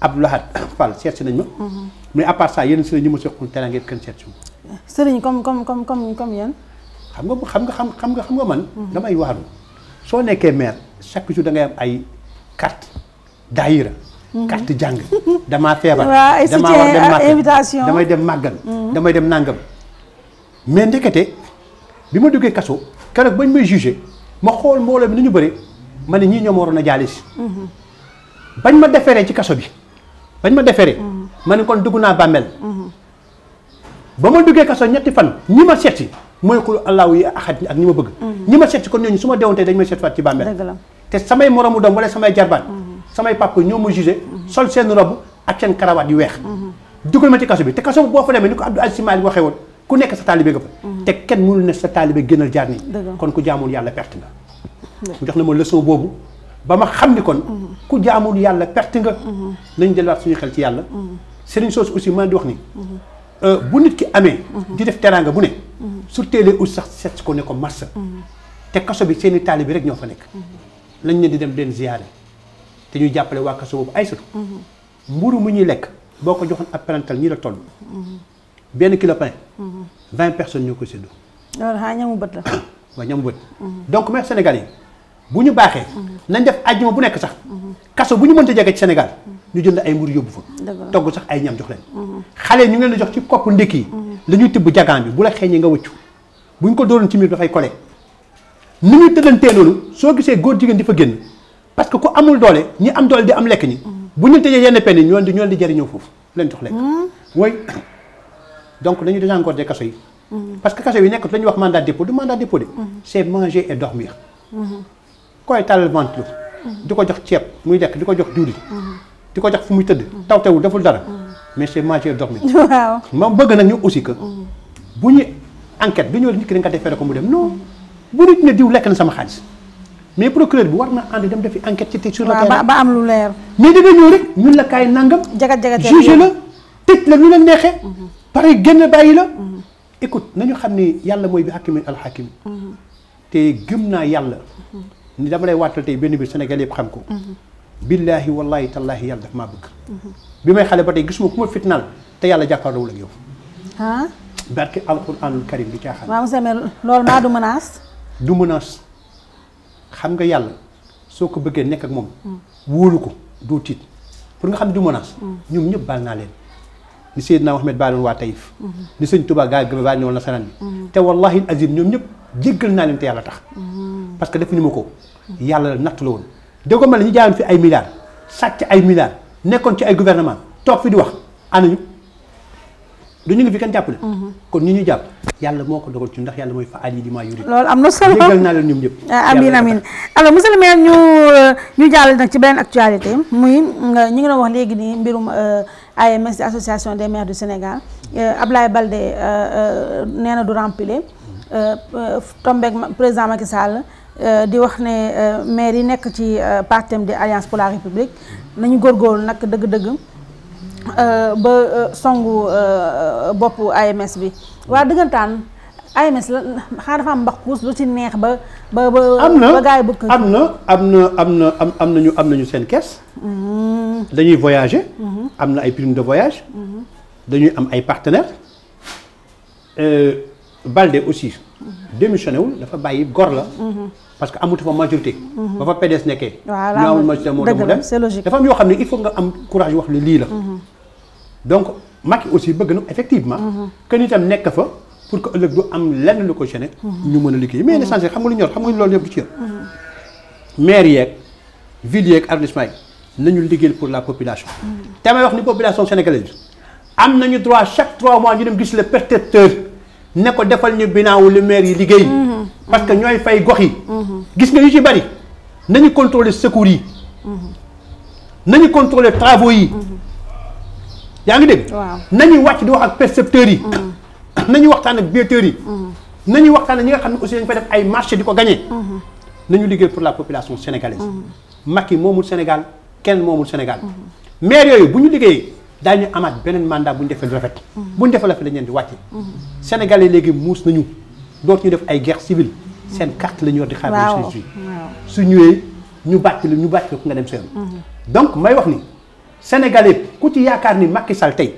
S2: ab Lahad Fall seet si nañ ma. Mhm. mais à part ça yeneen sëriñ ñi ma soxla teel a ngeen kenn seet si ma.
S1: sëriñ comme comme comme comme comme
S2: yan. xam nga xam nga xam nga xam nga man. Mhm. damay waaru soo nekkee maire chaque jour da ngay am ay carte daayira. Mhm. carte jàng damaa feebar. damaa war dem màggal invitation damay dem màggal. damay dem nàngam. mais ndekete bi ma duggee kaso keroog bañ may jugé ma xool mbooloo mi ni ñu bëri ma ne ñii ñoom waroon a jaalis. bañ ma deferee ci kaso bi. dañ ma deferee. Mm-hmm. ma ne kon dugg naa bàmmeel. Mm-hmm. ba ma duggee kaso ñetti fan ñi ma seeti mooy ku allahu yi axat ak ñi ma bëgg. Mm-hmm. ñi ma seeti kon ñooñu su ma deewante dañ ma seet faat ci bàmmeel. te samay moromu doom wala samay jarbaan. samay papa ñoo ma jugé. sol seen robe ak seen karawaat yu weex. dugal ma ci kaso bi te kaso boo fa demee ni ko Abdou Aziz Malick waxee woon ku nekk sa taalibe nga fa. te kenn mënul ne sa taalibe gënal jaar
S3: nii. kon
S2: ku jaamul yàlla perte na. na ma leçon boobu. ba ma xam ni kon mhm. ku jaamul yàlla perte nga mhm. nañ delluwaat suñu xel ci yàlla mhm. Serigne Sos aussi maa di wax ni euh, bu nit ki amee di def teraanga bu ne su teelee ut sax seet ko ne ko marsa te kaso bi seeni taalibe rek ñoo fa nekk lañ leen di dem leen ziyaare te ñuy jàppale waa kaso boobu ay satu mburu mu ñuy lekk boo ko joxoon ab parental ñi la toll benn kilo pain vingt personne ñoo koy séddoo
S1: loolu xaa ñamu bët la
S2: waaw ñamu bët donc maire Sénégal yi bu ñu baaxee. nañ def ajjuma bu nekk sax. kaso bu ñu mënta jege ci Sénégal. ñu jënd ay mburu yóbbu fa. togg sax ay ñam jox leen. xale ñu ngi leen jox ci kopp ndékki yi. la ñuy tibb jagaan bi bu la xeeñee nga wëccu bu ñu ko dooroon ci miir dafay kole. ni ñuy tëddantee noonu soo gisee góor jigéen di fa génn parce que ku doole ñi am doole di am lekk ñi. bu ñu tëjee yenn penn ñoo di ñoo di jëriñoo foofu leen jox lekk. Hmm. mooy donc dañu de kaso yi. Hmm. parce que kaso yi nekk lañu wax mandat dépôt du mandat dépôt de. Hmm. c'est manger et dormir. koy tàllal ventre
S3: mm-hmm. di
S2: ko jox ceeb muy lekk di ko jox diwlin mm-hmm. di ko jox fu muy tëdd mm-hmm. taw tewul deful dara mais c'est matière dormir waaw ma bëgg nag ñu aussi que bu ñu enquête bi ñëw nit ki dañ ko defeere ko mu dem non bu nit ne diw lekk na sama xaalis mais procureur bi war na ànd dem defi enquête ci sur le terrain ba am lu leer mais da nga ñëw rek ñun la kaay nangam jagat jagat jugé la tëj la lu la neexee pare génn bàyyi la écoute ñu xam ne yàlla mooy bi hakimin alhakim te gëm naa yàlla ni dama lay wàttal tey benn biir Sénégal yëpp xam ko. Mhm. billaahi wallaahi tallaahi yàlla daf maa bëgg. Mhm. bi may xale ba tey gisuma ku ma fitnaal te yàlla jàkkaarloowul ak yow. ah. barke karim bi caaxaan.
S1: maa
S2: xam nga yàlla soo ko bëggee nekk ak moom. Mm. wóolu ko doo tiit pour nga xam du menace. Mm. ñoom ñëpp baal naa leen. ni Seydina Mohamed baaloon waa Taïf. Mm-hmm. ni sëñ Touba gaa gëm baal na woon nasaraan bi. Mm-hmm. te wallaahi azim ñoom ñëpp jéggal naa leen te yàlla mm-hmm. que defuñu ma ko. yàlla la nattu la woon déggoo ma ne ñu jaayoon fi ay milliards sàcc ay milliards nekkoon ci ay gouvernement toog fi di wax ana ñu du ñu ngi fi kenn jàppale. Mhm. kon ñu ñu jàpp yàlla moo ko ci ndax yàlla mooy fa yi di maa yuri. loolu am na solo déggal naa leen ñoom ñëpp. Ah, amin
S1: amin alors monsieur le maire ñu euh, ñu jàll nag ci beneen actualité muy ñu ngi doon wax léegi nii mbirum ay euh, AMS association des maires du Sénégal euh, Ablaye Balde nee na du remplir tombeeg président Macky Sall. Euh, di wax ne euh, maire yi nekk ci euh, partem di alliance pour la république nañu góorgóorlu nag dëgg-dëgg ba songu bopp AMS bi waa dëggantaan AMS la xanaa dafa mbax kuus lu ci neex ba ba ba ba gars yi am na
S2: am na am na am am nañu am nañu seen kes
S1: mm-hmm.
S2: dañuy voyager mm-hmm. am na ay prime de voyage mm-hmm. dañuy am ay partenaires Balde aussi démissionné wul dafa bàyyi gor la parce que amatu fa majorité. Mhm. ba fa PDS nekkee.
S3: waaw la majorité moo dem mu dem
S2: c'est logique xam ne il faut nga am courage wax ne mhm. na effectivement. Mhm. que nekk fa pour que ëllëg du am lenn lu ko gêné. ñu a liggéey mais l'essentiel xam nga lu ñor xam nga loolu yëpp du ci yor. maire yeeg ville yeeg arrondissement yi nañu liggéeyal pour la population. te may wax ni population sénégalaise am nañu droit chaque trois mois ñu dem gis le percepteur ne ko defal ñu binaawu lu maire yi liggéey. parce que ñooy fay gox yi. gis nga yu ci bari nañu contrôler secours yi. nañu contrôler travaux yi. yaa ngi dégg. waaw nañu wàcc di wax ak percepteurs yi. Mm-hmm. nañu waxtaan ak biéteurs yi. Mm-hmm. nañu waxtaan ak ñi nga xam ne aussi dañu fay def ay marché di ko gagné. Mm-hmm. nañu liggéey pour la population sénégalaise. Macky moomul Sénégal kenn moomul Sénégal. maire yooyu bu ñu liggéeyee daañu amaat beneen mandat bu ñu defee lu rafet. bu ñu defee lu rafet dañu leen di wàcc. Sénégalais léegi muus nañu. dootuñu def ay guerre civile seen carte la ñu war di xaar. waaw su ñëwee ñu bàcc la ñu bàcc la ku nga dem seen. Mhm. donc may wax ni sénégalais ku ci yaakaar ni Macky Sall tey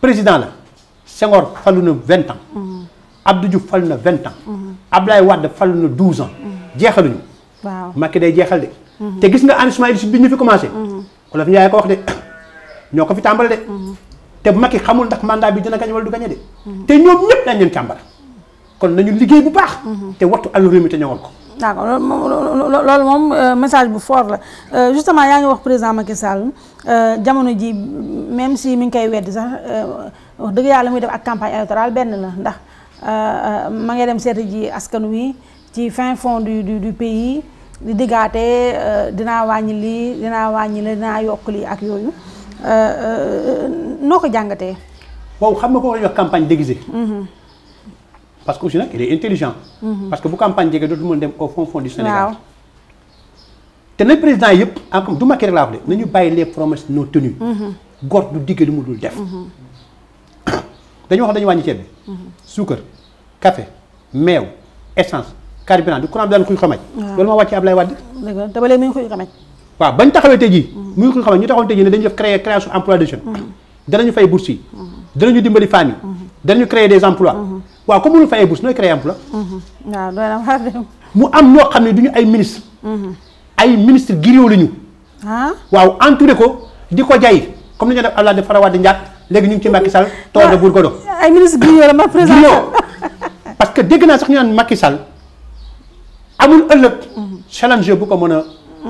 S2: président la Senghor falu na vingt ans. Mhm. Abdou Diouf falu na vingt ans. Mhm. Ablaye Wade falu na douze ans. jeexaluñu. waaw Macky day jeexal de. te gis nga enrichissement illicite bi ñu fi commencé. olof Ndiaye ko wax de ñoo ko fi tàmbal de. te Macky xamul ndax mandat bi dina gañ wala du gañe de. te ñoom ñëpp dañ leen càmbar. kon nañu liggéey bu baax. Mhm. te wattu àll réew mi te ñoŋal ko.
S1: d' accord loolu moom euh, message bu foor la euh, justement yaa ngi wax président Macky Sall euh, jamono ji même si mi ngi koy weddi sax wax dëgg yàlla muy def ak campagne électorale benn la ndax ma ngay dem seeti ji askan wi ci fin fond du du pays di diggaate dinaa wàññi lii dinaa wàññi lii dinaa yokk lii ak yooyu noo ko jàngatee.
S2: waaw xam nga ko war a campagne déguisée. Mhm. parce que aussi nag il est intelligent. Mhm. parce que bu campagne jege dootu mën dem au fond fond du Sénégal. te nag président yëpp encore du Macky rek laa wax de nañu bàyyi les promesses non tenues. Mhm. góor du digg lu mu dul def.
S1: Mhm.
S2: dañu wax dañu wàññi ceeb bi. suukar café meew essence carburant du courant bi daan kuy xamaj. waaw loolu moo wàcce Ablaye Wade.
S1: dëgg la te ba léegi mi ngi
S2: kuy taxawee tey jii. muy kuy xamaj ñu taxawoon tey jii ne dañu def créer créer des emplois waaw comme mënul fay ay bourse nooy créer emploi
S1: mm-hmm. waaw
S2: mu am ñoo xam ne du ñu ay ministre mm-hmm. ay ministre giriw la ñu ah? waaw entouré ko di ko jay comme ni ñu def Abdoulaye Wade Fara léegi ñu ngi ci Macky Sall toog de Gourgodo ah, ay ministre giriw la ma présenté parce que dégg naa sax ñu naan Macky Sall amul ëllëg mm-hmm. challenge bu ko mën a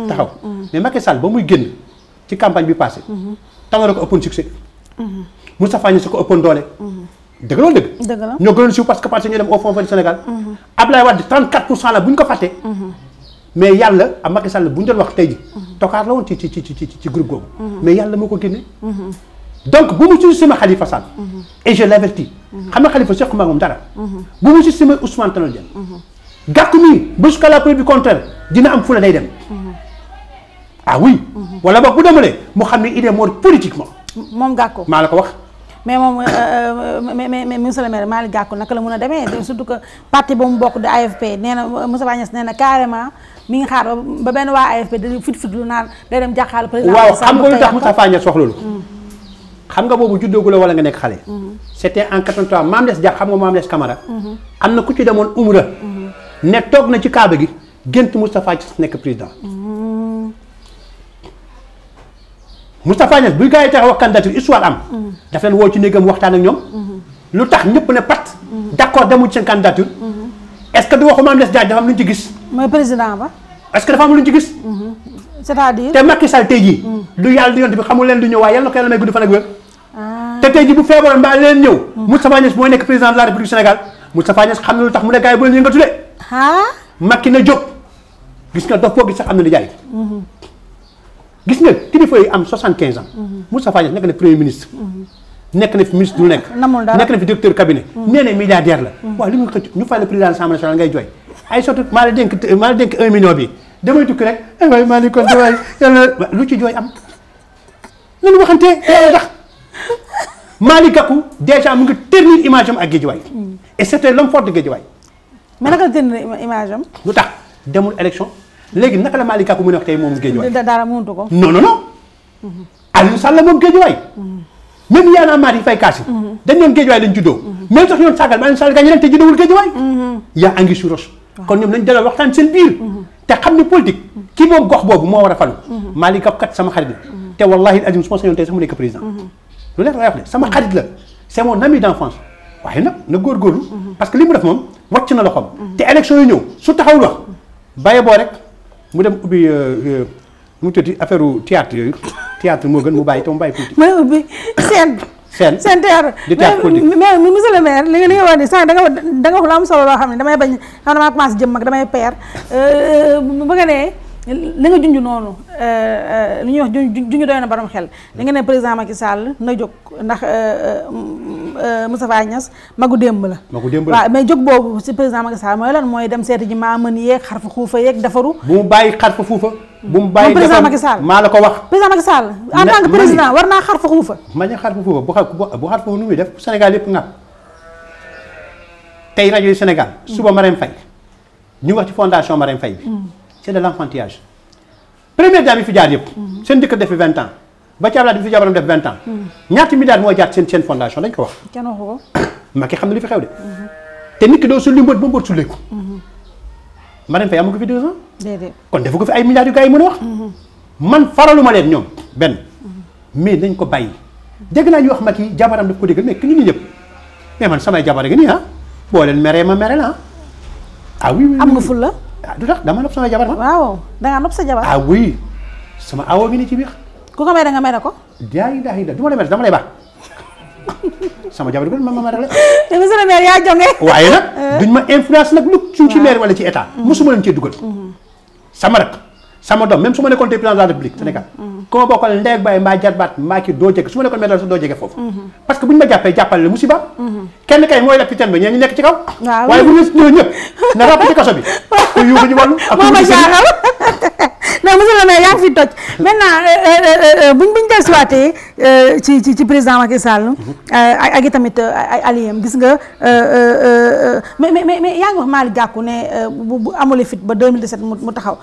S3: taxaw mais
S2: Macky Sall ba muy génn ci campagne bi passé Tanor a ko ëppoon succès Moustapha Niasse ko ëppoon doole dëgg loolu dëgg. dëgg la ñoo gënoon siiw parce que parce que ñoo dem au fond du Sénégal. Mhm. Ablaye Wade 34 pour cent la bu ñu ko fàttee. Mhm. mais yàlla ak Macky Sall bu ñu doon wax tey ji mhm. tokaar la woon ci ci ci ci ci groupe googu. mais yàlla moo ko génne. donc bu mu ci sima Khalifa Sall. et je l'avertis. xam nga Khalifa sequma moom dara. bu mu ci sima Ousmane Tanor Dieng. gàkku mi ba jusqu'à la du contraire dina am fula day dem. ah oui. wala boog demalee mu xam ne il est mort
S1: ko wax. mais moom euh, euh, mais mais monsieur le maire Malick naka la mën a demee surtout que parti ba mu bokk di AFP nee na Moustapha Niasse nee na mi ngi xaar ba benn waa AFP di fit fit lu naan day dem jàkkaarloo président waaw xam nga lu tax Moustapha Niasse wax loolu mm.
S2: xam nga boobu juddoogu la wala nga nekk xale mm-hmm. c'était en 83 Mame Less Dia xam nga Mame Less Camara mm-hmm. am na ku ci demoon umra mm-hmm. ne toog na ci kaaba gi gént Moustapha Niasse nekk président Moustapha Niass bu gaa yi taxaw wax candidature histoire am. Mm. daf leen woo ci néegam waxtaan ak ñoom. Mm-hmm. lu tax ñëpp ne pat. Mm-hmm. d' accord demul seen candidature.
S1: Mm-hmm.
S2: est ce que du waxu dafa am lu ñu ci gis.
S1: mooy président ba. est ce te Macky Sall tey jii.
S2: lu mm. yàlla di yont bi xamul leen du ñëw waaye yàlla na ko yàlla may gudd fan ak wér. Ah. te tey jii bu feebaroon mbaa leen ñëw. Mm. Moustapha Niass mooy nekk président de la République Sénégal Moustapha Niass xam na lu tax mu ne gaa yi bu leen yëngatu ah. gis nga dox boo gis sax am na gis nga kilifa yi am 75 ans. Mhm. Moustapha Niasse nekk na premier ministre. Mhm. nekk na fi ministre du nekk. nekk na fi directeur cabinet. Mhm. nee na milliardaire la. waaw li mu xëcc ñu fay le président assemblée nationale ngay jooy. ay sotti maa la dénk maa la dénk 1 bi damay tukki rek eh aywa maa lu ci jooy am. nañu waxante yàlla ndax Malick Gakou déjà mu ngi ternir image am ak Guédiawaye. Hmm. et c'était l'homme fort de Guédiawaye.
S1: mais naka la ternir image am.
S2: lu tax demul élection. léegi naka la Malick Gakou mën a wax tey moom Guédiawaye.
S1: dara mëntu ko. non moom
S2: Guédiawaye. même Y'en a marre yi fay kaas yi. dañ ñoom Guédiawaye lañ juddoo. même sax ñoom sàggal Aliou Sall gaañ leen te juddoowul Guédiawaye. yaa angi su xam ne politique. ki moom gox boobu moo war a falu. Mhm. Malick Gakou kat sama xarit la. Mhm. te wallaahi Aliou su ma sañoon tey sax mu nekk président. Mhm. lu nekk laay wax sama xarit la c'est mon ami d'enfance waaye nag na góorgóorlu. parce que li mu def moom wàcc na loxoom. te élection yi ñëw su taxaw wax baye boo rek mu dem ubbi euh, euh, mu tëddi affaire théâtre yooyu théâtre moo gën mu bàyyi te mu bàyyi tuuti. mooy ubbi seen. seen seen théâtre di théâtre politique mais mais monsieur le maire li nga li nga wax ni saa danga nga wax da nga wax lu am solo loo xam ne
S1: damay bañ xam ne damaa commencé jëm mag damay peer euh, ba nga ne. li nga junj noonu euh, euh, li ñuy wax junj doy na borom xel li nga ne président Macky Sall na jóg ndax euh, Moustapha Niass magu démb la
S2: magu démb la waaw mais
S1: jóg boobu si président Macky Sall mooy leen mooy dem seeti ji maa mën yeeg xarfa xuufa yeeg dafaru bu mu bàyyi xarfa fuufa bu mu bàyyi président Macky maa la ko wax président Macky Sall en tant que président
S2: war naa xarfa xuufa ma ne xarfa fuufa bu bu xarfa fuufa nu muy def Sénégal yëpp nga tey rajo yi Sénégal suba Marème Faye ñu wax ci fondation Marème Faye bi mm. c'est de l'enfantillage premier dame yi fi jaar yëpp seen dëkk defi vingt ans ba ci Ablaye di fi jabaram def vingt ans ñaati milliards moo jaar seen seen fondation dañ ko wax
S1: kenn waxu
S2: ko xam na li fi xew de mhm. te nit ki doo sulli mbóot ba mbóot sulleeku mhm. Marème ko fi deux ans déedéet kon defu ko fi ay milliards yu gars yi mën a wax mhm. man faralu ma leen ñoom benn mais nañ ko bàyyi dégg naa ñu wax Macky jabaram daf ko dégg mais ki ñu man samay jabar gi nii ah boo leen meree ma mere la ah, ah oui am nga ful la ah du tax dama nopp sama jabar man. waaw da ngaa sa jabar. ah oui sama awo ngi ni ci biir. ku ko may da nga may da ko. jaay ndax yi du ma lay may dama lay baax sama jabar bi ma ma ma rek la. te monsieur yaa jonge. waaye nag euh. duñ ma influence nag lu. waaw ci maire wala ci état. mosuma leen cee dugal. Mhm. sama rek. sama doom même su ma nekkoon tey président de la république Sénégal mm-hmm. ku ma bokkal ndeeg baay mbaa jarbaat mbaa ki doo jege su ma nekkoon maire sax doo jege foofu mm-hmm. parce que bu ñu ma jàppee jàppale la musiba mm-hmm. kenn kay mooy la pitan bi ñee ñu nekk ci kaw
S3: waaye bu ñu
S2: ñëpp na ràpp ci kaso bi ku yuuxu ñu mais monsieur le maire
S1: yaa ngi fi toj maintenant euh, euh, euh, buñ buñ dellusiwaatee ci ci ci président Macky Sall. ak i tamit ay alliés gis nga mais mais mais yaa ngi wax Malick Gakou ne bu bu amule fit ba mu taxaw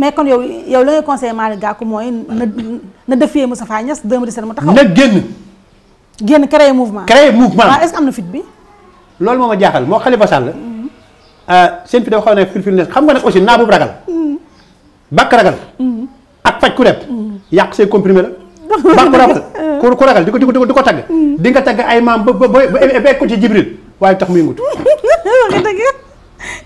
S1: mais kon yow yow la ngay conseillé Malick Gakou mooy na na defee Moussa Faye Niass 2017 mu taxaw. na génn. génn créer mouvement. créer mouvement waaw est am na fit bi.
S2: loolu moo ma jaaxal moo Khalifa Sall. seen fi dafa xaw ne fil fil ne xam nga ne aussi naa boobu ragal. bàkk ragal. ak faj ku rep. yàq say comprimé la.
S3: bàkk ragal ku ku
S2: ragal di ko di ko di ko tagg. di nga tagg ay maam ba ba ba ko ci jibril waaye tax mu yëngut. waxi dëgg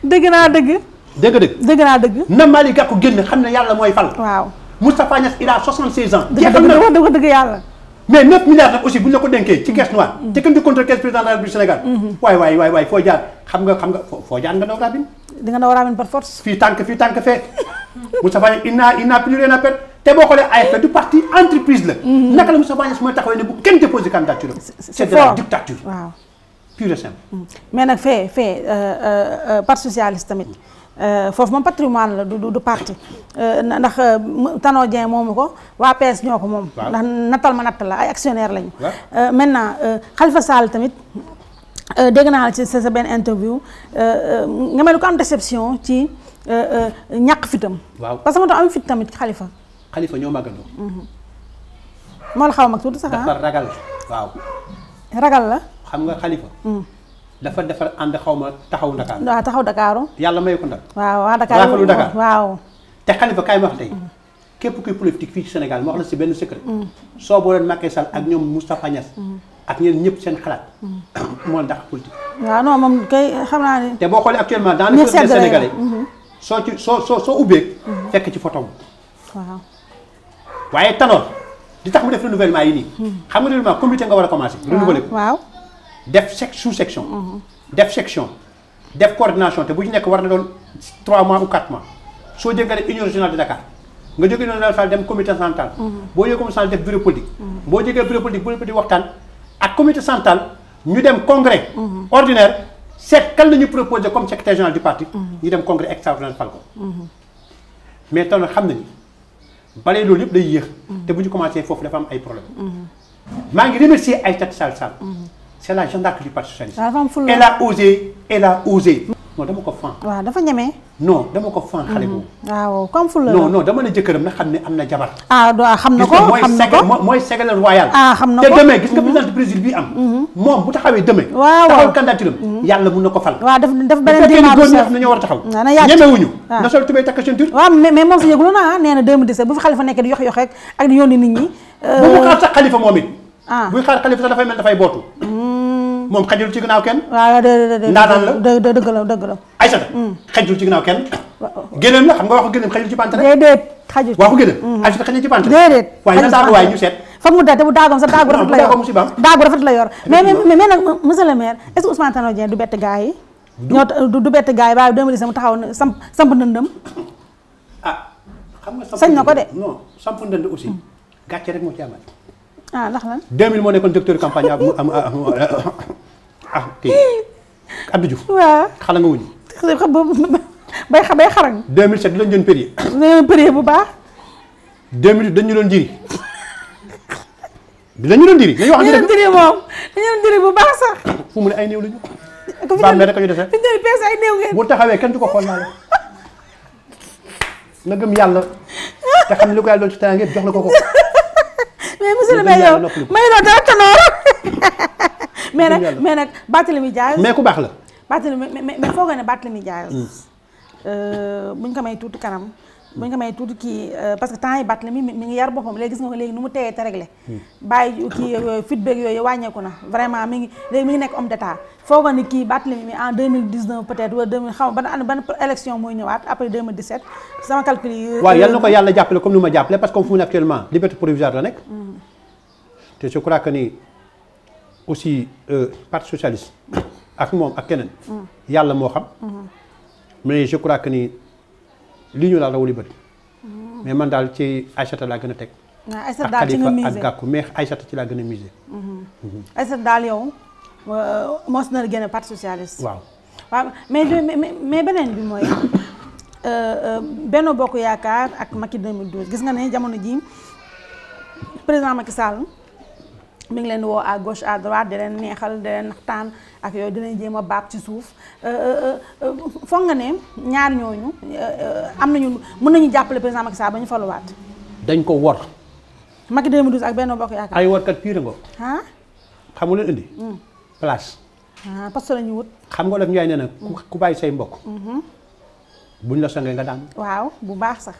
S2: dëgg naa dëgg. dëgg dëgg dëgg naa dëgg. na Malick Gakou génn xam ne yàlla mooy fal. waaw Moustapha Niass il a 76 ans. jeexal na dëgg dëgg yàlla. mais 9 milliards nag aussi bu ñu la ko dénkee ci caisse noire. te kenn du contre caisse président de la République du Sénégal. waay waay waay waay foo jaar xam nga xam nga foo jaar nga naw raabin. di nga naw raabin par force. fii tànk fii tànk fee Moustapha Niasse il n'a il n'a plus rien à perdre te boo xoolee AFP du parti entreprise la. Mhm. naka la Moustapha Niasse mooy taxawee ne bu kenn déposé candidature am. c'est de la dictature. waaw pure et simple. Mm.
S1: mais nag fee fee euh, euh, euh, parti socialiste tamit. foofu moom patrimoine la du du parti ndax Tanor Dieng moomu ko waa PS ñoo ko moom. ndax nattal ma natt la ay actionnaire lañu. maintenant Khalifa Sall tamit dégg naa la ci sa benn interview nga mel ni ko am déception ci. ñàkk fitam waaw parce que moo tax am fit tamit
S2: xalifa. xalifa ñoo màggandoo. Mhm. moo a mag sax ah. dafa ragal waaw. la. xam nga xalifa. Mm. dafa defar xaw ma taxaw Dakar.
S1: waaw taxaw Dakaru.
S2: yàlla may ko ndam.
S1: waaw waa Dakar rafetlu
S2: te xalifa kaay ma wax tey. Mm. képp kuy politique fii ci Sénégal ma si benn secret. Mm. soo booleen ak ñoom Moustapha Niass. ak ñeen ñëpp seen xalaat. moo ndax politique.
S1: waaw non moom kay xam naa ne. te
S2: boo xoolee actuellement dans le. ñëpp sénégalais. Mm-hmm. soo ci soo soo soo ubbee. Mhm. fekk ci photo waaw waaye tanoor di tax mu def renouvellement yi nii. Mhm. xam nga renouvellement comité nga war a commencé. renouveler ko waaw def sec sous section. Mhm. def section def coordination te bu ñu nekk war na doon 3 mois ou 4 mois soo jël nga def union de Dakar. nga jógee noonu daal dem comité central. boo jógee comité central def bureau politique. boo jógee bureau politique bureau politique waxtaan ak comité central ñu dem congrès ordinaire. seet kan la ñu proposé comme secrétaire général du parti. ñu dem congrès extraordinaire fal ko. mais tamit xam nañu bale loolu yëpp day yéex. te bu ñu commencé foofu dafa ay problème maa ngi remercier Aïssata Tall Sall. Mm-hmm. c' est la gendarme du parti socialiste. elle a osé elle a non dama ko fan.
S1: waaw dafa ñeme.
S2: non dama ko fan mhm.
S1: na
S2: xam ne am na jabar. na ah, ko ah, xam na ko mooy xalifa moom it. Ah. buy xaar xalifa sax dafay mel dafay bootu mm. moom xajul ci ginnaaw kenn. waaw dë ndaataan la dë dë dëgg la dëgg la. Aïssata. Hmm. xajul ci ginnaaw kenn. gënëm la xam nga waxu gënëm xajul ci pante rek. déedéet xajul waxu gënëm. Hmm. Aïssata xajul ci pante rek. déedéet waaye na daal waaye ñu seet.
S1: foog mu date bu daagoom sa daagu rafet la yor daagu rafet la yor mais mais mais nag monsieur le maire est-ce que Ousmane Tanor Dieng du bett gaa yi. ñoo du bett gaa yi waaye 2010 mu taxaw na samp samp ndëndëm. ah xam nga samp ndënd sañ na ko
S2: de non samp ndënd aussi hmm. gàcce rek moo ci amat ah ndax lan 2000 moo nekkoon directeur campagne am ah, am ah, ah kii Abdou Diouf. waaw xala nga wuñu. bay xa bay xarañ. 2007 dañu doon périer. dañu doon périer bu baax. 2008 dañu doon jiri. dañu doon jiri. dañu doon jiri moom dañu doon bu baax sax. fu mu ne ay néew la ñu. baam ne rek a bu taxawee kenn du ko xool naa la. na gëm yàlla. te xam ne li ko yàlla doon ci tànn yëpp jox na ko ko. mais monsieur le maire yow may doon dara tanoor mais nag mais
S1: nag mi Dias mais ku baax la Barthélémy mais mais foogoo ne Barthélémy Dias hmm. euh, buñ ko may tuuti kanam bu ñu may tuuti kii euh, parce que temps yi Barthélémy mi ngi yar boppam léegi gis nga ko léegi nu mu téyee te réglé hmm. bàyyi kii euh, feedback yooyu wàññeeku na vraiment mi ngi léegi mi ngi nekk homme d'état foogoon ni kii Barthélémy mi en 2019 peut-être wala 2000 xaw ma ban an ban élection mooy ñëwaat après 2017 sama calcul yi yal na ko euh, yàlla
S2: jàppale comme ni ma jàppale parce que comme fu mu ne actuellement liberté provisoire la nekk hmm. te je crois que ni aussi parti socialiste ak moom ak keneen hmm. yàlla moo xam mais je ni li ñu laal rawuli bët mais man daal ci Aïssata laa gën a teg
S1: Aïssata daal ci nga misé ak Gakou
S2: mais Aïssata ci laa gën
S1: mm-hmm. euh, gën a parti socialiste
S2: waaw
S1: mais mais beneen bi mooy euh, euh, Benno Bokk Yaakaar ak Macky 2012 gis nga ne jamono ji président Macky Sall mi ngi leen woo à gauche à droite di leen neexal di leen naxtaan ak yooyu di leen a baab ci suuf euh, euh, euh, foog nga ne ñaar ñooñu am nañu mën nañu jàppale président Macky Sall ba ñu faluwaat. dañ ko war. Macky 2012 ak benn Bokk Yaakaar. ay
S2: warkat pire nga. ah. xam nga leen indi. Hmm. place.
S1: ah que la ñu
S2: xam nga olof Ndiaye nee na ku hmm. bàyyi say mbokk. Hmm. buñ la songee nga daan.
S1: waaw bu baax sax.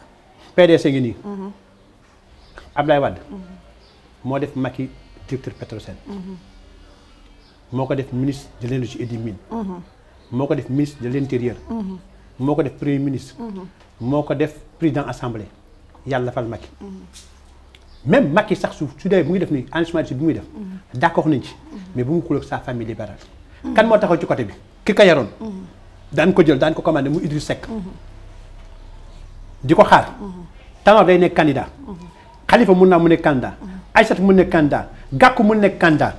S2: PDC ngi nii. Abdoulaye Wade. moo def Macky. directeur Petrosen. Mhm. moo ko def ministre de l'énergie et des mines. Mhm. moo ko def ministre de l'intérieur. Mhm. moo ko def premier ministre. moo ko def président assemblée yàlla fal Macky. même Macky sax suuf su dee bu ngi def ni enrichissement du Sud bu muy def. d'accord nañ ci. mais bu mu xuloo sa famille libérale. kan moo taxaw ci côté bi ki ka yaroon. daan ko jël daan ko commandé mu Idriss Seck. di ko xaar. Tanor day nekk candidat. Khalifa mun naa mu nekk candidat. Aïssata mu nekk candidat. gàkku mu nekk candidat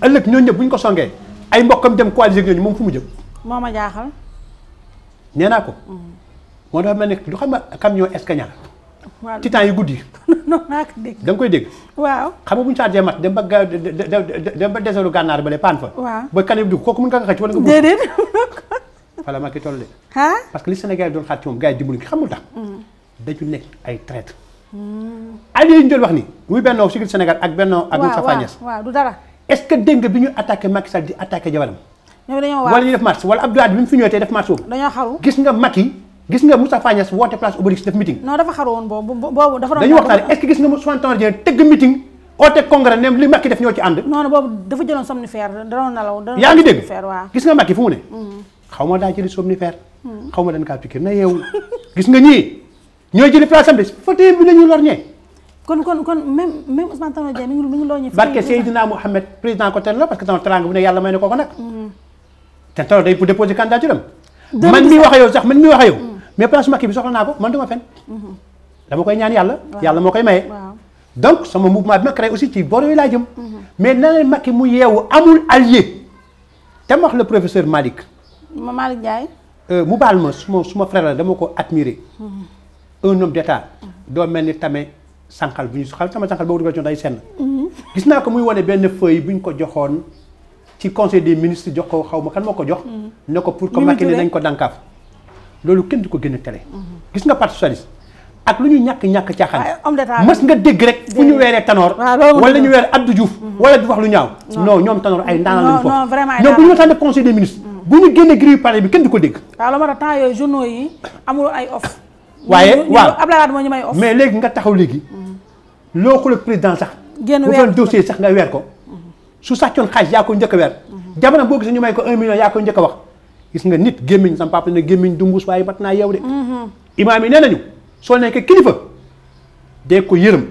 S2: ëllëg ñoo ñëpp bu ñu ko songee ay mbokkam dem coaliser ak ñooñu moom fu mu jëm.
S1: moo ma jaaxal. nee naa ko. Mm-hmm.
S2: moo dafa mel nekk du xam nga camion Scania
S1: la. ci
S2: temps yi guddi.
S3: non naa da nga koy dégg. waaw
S2: xam nga bu ñu chargé mat dem ba ga dem ba deseeru gànnaar ba le paan fa. waaw ba kanam dugg kooku mën nga ko xëcc wala nga. déedéet. voilà maa ngi parce que li Sénégal doon xaar ci moom gars yi dimbaluñu ki xamul tax. Mm. dañu nekk ay trait alliés yi ñu doon wax ni muy Benno Siggil Sénégal ak Benno ak Moustapha Niasse waaw du dara est-ce bi ñu attaqué Macky Sall di attaqué jabaram
S1: wala ñu
S2: def marche wala Abdou bi mu fi ñëwee tey def marche dañoo xaru gis nga Macky gis nga Moustapha Niasse woote place Obélix def gis
S1: nga Ousmane
S2: def ñoo ci ànd non non boobu
S1: dafa jëloon somnifère da doon nelaw yaa ngi dégg
S2: gis nga Macky fu mu ne
S1: mm-hmm.
S2: xaw ma daa jëli somnifère mm-hmm. xaw ma dañ kaa piqué na yeewu gis nga ñooy jëli place am de fauteuil bi la lorñee.
S1: kon kon kon même même Ousmane Tanor Dieng mi ngi mi ngi lorñee. barke Seydina
S2: Mouhamed président côté la parce que Tanor teraanga bu ne yàlla may na ko ko nag. Mm. te Tanor day pour déposer candidature man mi wax yow sax man mi wax yow. Mm. mais place Macky bi soxla naa ko man duma fen mm-hmm. dama koy ñaan yàlla. yàlla moo koy maye. donc sama mouvement bi ma créé aussi ci bor yooyu laa jëm. Mm-hmm. mais na leen Macky mu yeewu amul allié. te ma wax le professeur Malick.
S1: ma Malick Ndiaye.
S2: Euh, mu baal ma suma suma frère la dama ko admirer. Mm-hmm. un homme d'état doo mel ni tame sànqal bu ñu xam tame sànqal boobu dugal ci ay senn gis naa ko muy wane benn feuille bu ñu ko joxoon ci conseil des ministres jox ko xaw ma kan moo ko jox ne ko pour que Macky ne nañ ko dànkaaf loolu kenn du ko gën a tere gis nga parti socialiste ak lu ñu ñàkk ñàkk caaxaan mës nga dégg rek fu ñu weeree Tanor wala ñu weer Abdou Diouf mm-hmm. wala di wax lu ñaaw non ñoom Tanor ay ndaanaan lañu foofu ñoom bu ñu mm. ko dégg
S1: waaw la ma tax temps yooyu journaux yi amul ay
S2: waaye waa Abdoulaye
S1: Wade moo ñu mais léegi
S2: nga taxaw léegi mm-hmm. loo xul président sax bu doon dossier sax nga weer ko mm-hmm. su sàccoon xaalis yaa ko njëkk weer mm-hmm. jamono boo gisee ñu may ko un million yaa ko njëkk wax gis nga nit gémmiñ sama papa ne gémmiñ du mbuus waaye mat naa yow de imaam yi nee nañu soo nekkee kilifa dee ko yërëm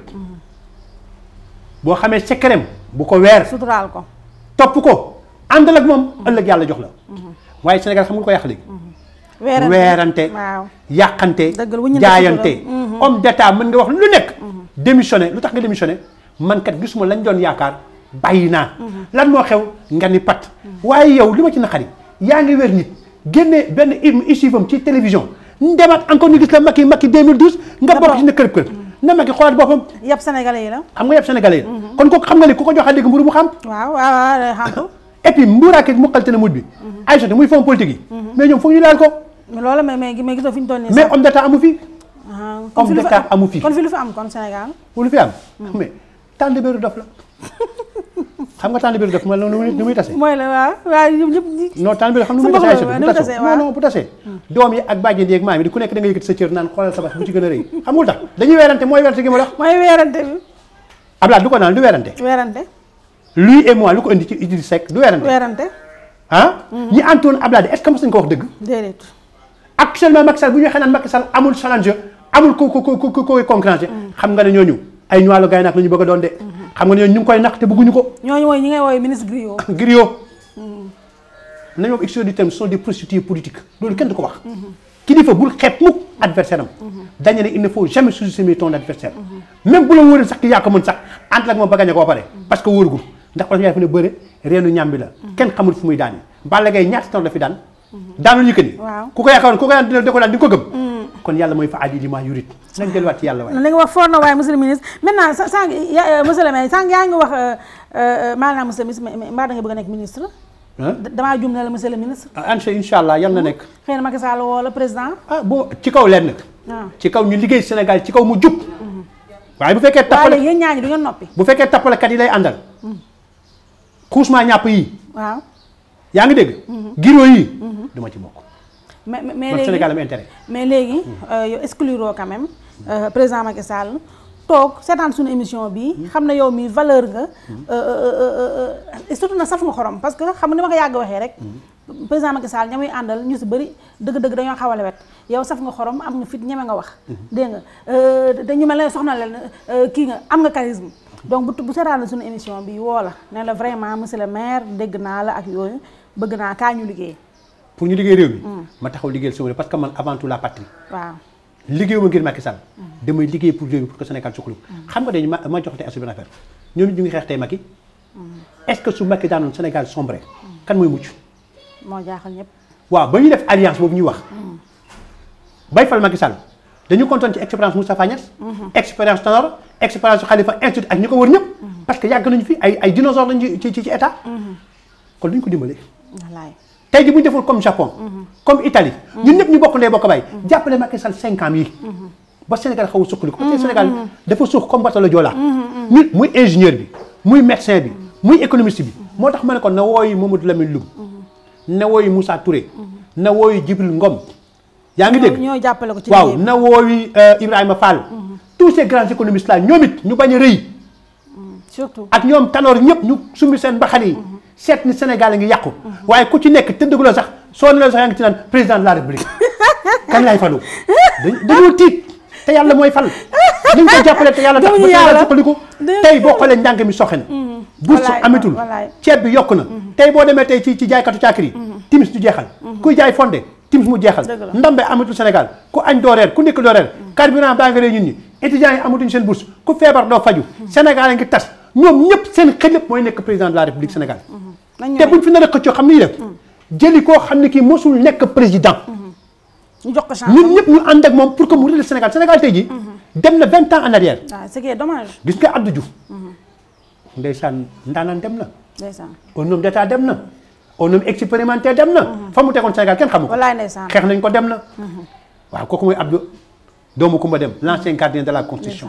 S2: boo xamee secret bu ko weer suturaal ko topp ko ànd ak moom ëllëg yàlla jox la waaye Sénégal xam nga ko yàq léegi
S3: weerante
S2: yàqante jaayante mhm. homme d'état mën nga wax lu nekk mhm. démissionné lu tax nga démissionné man kat gisuma lañ doon yaakaar bàyyi naa mhm. lan moo xew nga ni pat waaye yow li ma ci naqari yaa ngi wér nit génne benn issivem ci télévision ndemaat encore ñu gis la Macky Macky 2012 nga bokk ci ne kërëb kërëb na Macky xoolaat boppam yab sénégalais yi la xam nga yab sénégalais yi kon kooku xam nga ko ku ko joxaat léegi mburu mu xam waaw waaw xam puis mbuuraake mu xalte na mut bi ay sotti muy fond loolu mais mais mais gisoo fi ñu toll nii mais homme d'état amu fi.
S1: Ah, homme d'état amu fi kon fi lu fi am kon Sénégal. lu fi am. Hmm. mais tànn dof la.
S2: xam nga tànn biir dof mooy lu muy lu muy tase. mooy la waaw waaw ñëpp ñi. non tànn biir xam nga muy tase ay non non bu tase. Hmm. doom yi ak bàjjen yi ak maam yi ku nekk da nga yëkkati sa cër naan xoolal sa bas bu ci gën a rëy xam nga tax dañuy weerante mooy weerante gi ma wax. mooy weerante bi. Abdoulaye du ko naan du weerante. weerante. lui et moi lu ko indi ci Idrissa Seck du weerante. weerante. ah. Hmm. ñi àndoon Abdoulaye est-ce que mos nañu ko wax dëgg. déedéet. actuellement Macky Sall bu ñu waxee naan Macky Sall amul challenger amul ko ko ko ko koy concurrencé xam nga ne ñooñu ay ñuwaalu gaay naak la ñu bëgg a doon de xam nga ne ñooñu ñu ngi koy nax te bëgguñu ko ñooñu mooy ñi ngay wooye
S1: ministre griot griot
S2: nañu wax excuse du terme ce sont des prostituées politiques loolu kenn du ko wax kilifa bul xeeb mukk adversaire am dañu ne il ne faut jamais sous-estimer ton adversaire même bu la wóoree sax ki yaa ko mën sax ànd ak moom ba gañe ko ba pare parce que wóorugul ndax olof yaay fu ne bëre reenu ñàmbi la kenn xamul fu muy daan yi Balla Gaye ñaata temps la fi daan Mhm. daanu yëkkati. waaw ku ko yaakaaroon ku ko yaakaar dina ko daan di ko gëm. Mm. kon yàlla mooy fa aadi li ma yurit. nañ delluwaat ci yàlla waaye.
S1: li nga wax foor na waaye monsieur le ministre ya euh, ngi euh, euh, bëgg a nekk ministre. damaa jum ne la monsieur le ministre.
S2: incha ah, allah yal nekk.
S1: Mm. xëy na Macky la président. ah ci kaw lenn. Ah.
S2: ci kaw ñu liggéey Sénégal ci kaw mu jub. Mm-hmm. waaye bu fekkee tappale waaye
S1: yéen ñaañu du ngeen noppi.
S2: bu fekkee tappalekat yi lay àndal. Mm. xuusmaa ñàpp yaa ngi dégg. Mhm. giro yi. Mhm. du ci bokk.
S1: mais mais léegi Sénégal am intérêt. mais léegi mhm. euh, yow excluroo quand même euh, président Macky Sall toog seetaan suñu émission bi xam na yow mii valeur nga. Euh, surtout na saf nga xorom parce que xam nga ni ma ko yàgg waxee rek. président Macky saal ña muy àndal ñu si bëri dëgg-dëgg dañoo xaw a lewet yow saf nga xorom am nga fit ñeme nga wax. dégg nga dañu ma ne soxna leen kii nga am nga charisme. donc bu bu seetaan suñu émission bi woo la ne la vraiment monsieur le maire dégg naa la ak yooyu. bëgg naa kaa ñu liggéey.
S2: pour ñu liggéey réew mi. Mm. ma taxaw liggéeyal sama parce que man avant tout la patrie. waaw liggéeyu ma ngir Macky Sall. Mm. damay liggéey pour réew mi pour que Sénégal suqaliku. Mm. xam nga dañ ma ma jox tey benn affaire ñu ngi xeex tey Macky. est-ce que su Macky daanoon Sénégal sombre kan mooy mucc.
S1: moo jaaxal ñëpp.
S2: waaw ba ñu def alliance boobu ñuy wax. bay fal Macky Sall dañu kontoon ci expérience Moustapha Niass. Mm-hmm. expérience Tanor expérience Khalifa institut ak ñu ko wër ñëpp. Mm-hmm. que yàgg nañu fi ay ay dinosaures lañu ci ci ci
S3: mm-hmm.
S2: ko dimbalee. tey jii bu ñu deful comme Japon. Mhm. comme Italie. Mhm. ñun ñëpp ñu bokk ndey bokk baay. Mhm. jàppale Macky Sall cinq ans yi ba Sénégal xaw a sukkandiku. ko que Sénégal dafa suux comme bateau Joola. muy ingénieur bi muy médecin bi muy économiste bi. moo tax ma ne ko na wooyu Mamadou Lamine Loum. na wooyu Moussa Touré. na wooyu Djibril Ngom. yaa ngi dégg ñoo
S1: jàppale ko ci waaw
S2: na wooyu euh, Ibrahima Fall. tous ces grands économistes là ñoom ñu bañ a rëy. surtout ak ñoom Tanor ñëpp ñu summi seen mbaxal yi. seet ni Sénégal a ngi yàqu. waaye ku ci nekk tëddaguloo sax soo neloo sax yaa ngi ci naan président de la république kañ laay falu dañu tiit te yàlla mooy fal. ni ñu ko jàppale te yàlla tax ba yàlla suqaliku tey boo xoolee njàng mi soxe na.
S3: Mm-hmm. bourse amatul
S2: ceeb bi yokk na. Mm-hmm. tey boo demee tey ci ci jaaykatu caakiri mm-hmm. timis du jeexal. kuy jaay fonde timis mu jeexal. ndambe amatul Sénégal ku añ doo reer ku nekk doo reer. carburant baa nga rey ñun ñi étudiants yi amatuñ seen bourse ku feebar doo faju Sénégal a ngi tas. ñoom ñëpp seen xel yëpp mooy nekk président de la république Sénégal.
S3: Mm-hmm. te buñ fi nar a xëccoo
S2: xam ni def mm-hmm. jëli koo xam ne kii mosul nekk président. Mm-hmm. ñu jox ko chance ñun ñëpp ñu ànd ak moom pour que mu réglé Sénégal Sénégal tey jii. dem na vingt ans en arrière.
S1: waaw ah, ce qui est dommage.
S2: gis nga Abdou Diouf. ndeysaan ndaanaan dem na. ndeysaan un homme d'état dem na. un homme expérimenté dem na. fa mu tegoon Sénégal kenn xamu ko. wallaay ndeysaan xeex nañ ko dem na. waaw kooku mooy Abdou doomu Kumba dem l'ancien gardien de la constitution.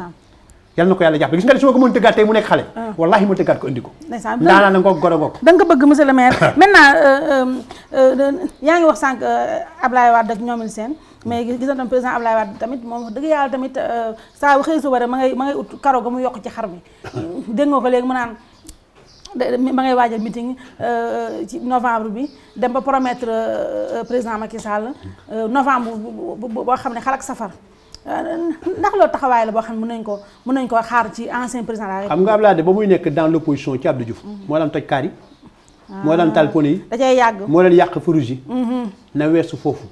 S2: yàlla na ko yàlla jàppale gis nga ne su ma ko mën tëggaat tey mu nekk xale ah. wallahi ma tëggaat ko indi ko
S1: daanaa na
S2: ngoog goro ngoog da nga bëgg monsieur le maire ah.
S1: maintenant euh, euh, euh, yaa ngi wax sànq Ablaye Wade ak ñoomin seen mais gis na tam président Ablaye Wade tamit moom wax dëgg yàlla tamit saa waxee suba rek ma ngay ma ngay ut karo ga mu yokk ci xar mi dégg nga ko léegi mu naan ma ngay waajal meeting ci novembre bi dem ba promettre président Macky Sall novembre boo xam ne xalak safar ndax loolu taxawaay la boo xam ne mën nañ ko mën nañ ko xaar ci ancien président la xam nga
S2: Abdoulaye ba muy nekk dans l' opposition ci Abdou Diouf moo daan toj kaar yi
S1: ah. moo daan taal pone yi da yàgg moo leen yàq furuj mm-hmm.
S2: na weesu foofu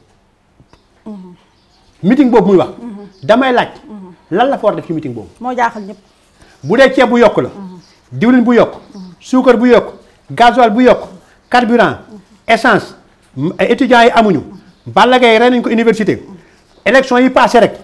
S2: mm-hmm. boobu muy wax mm-hmm. damay laaj lan la fa war def boobu moo jaaxal ñëpp bu dee ceeb bu yokk la diwlin bu yokk suukar bu yokk gasoil bu yokk carburant essence étudiants yi amuñu Balla Gaye rey nañ ko université élection yi passé rek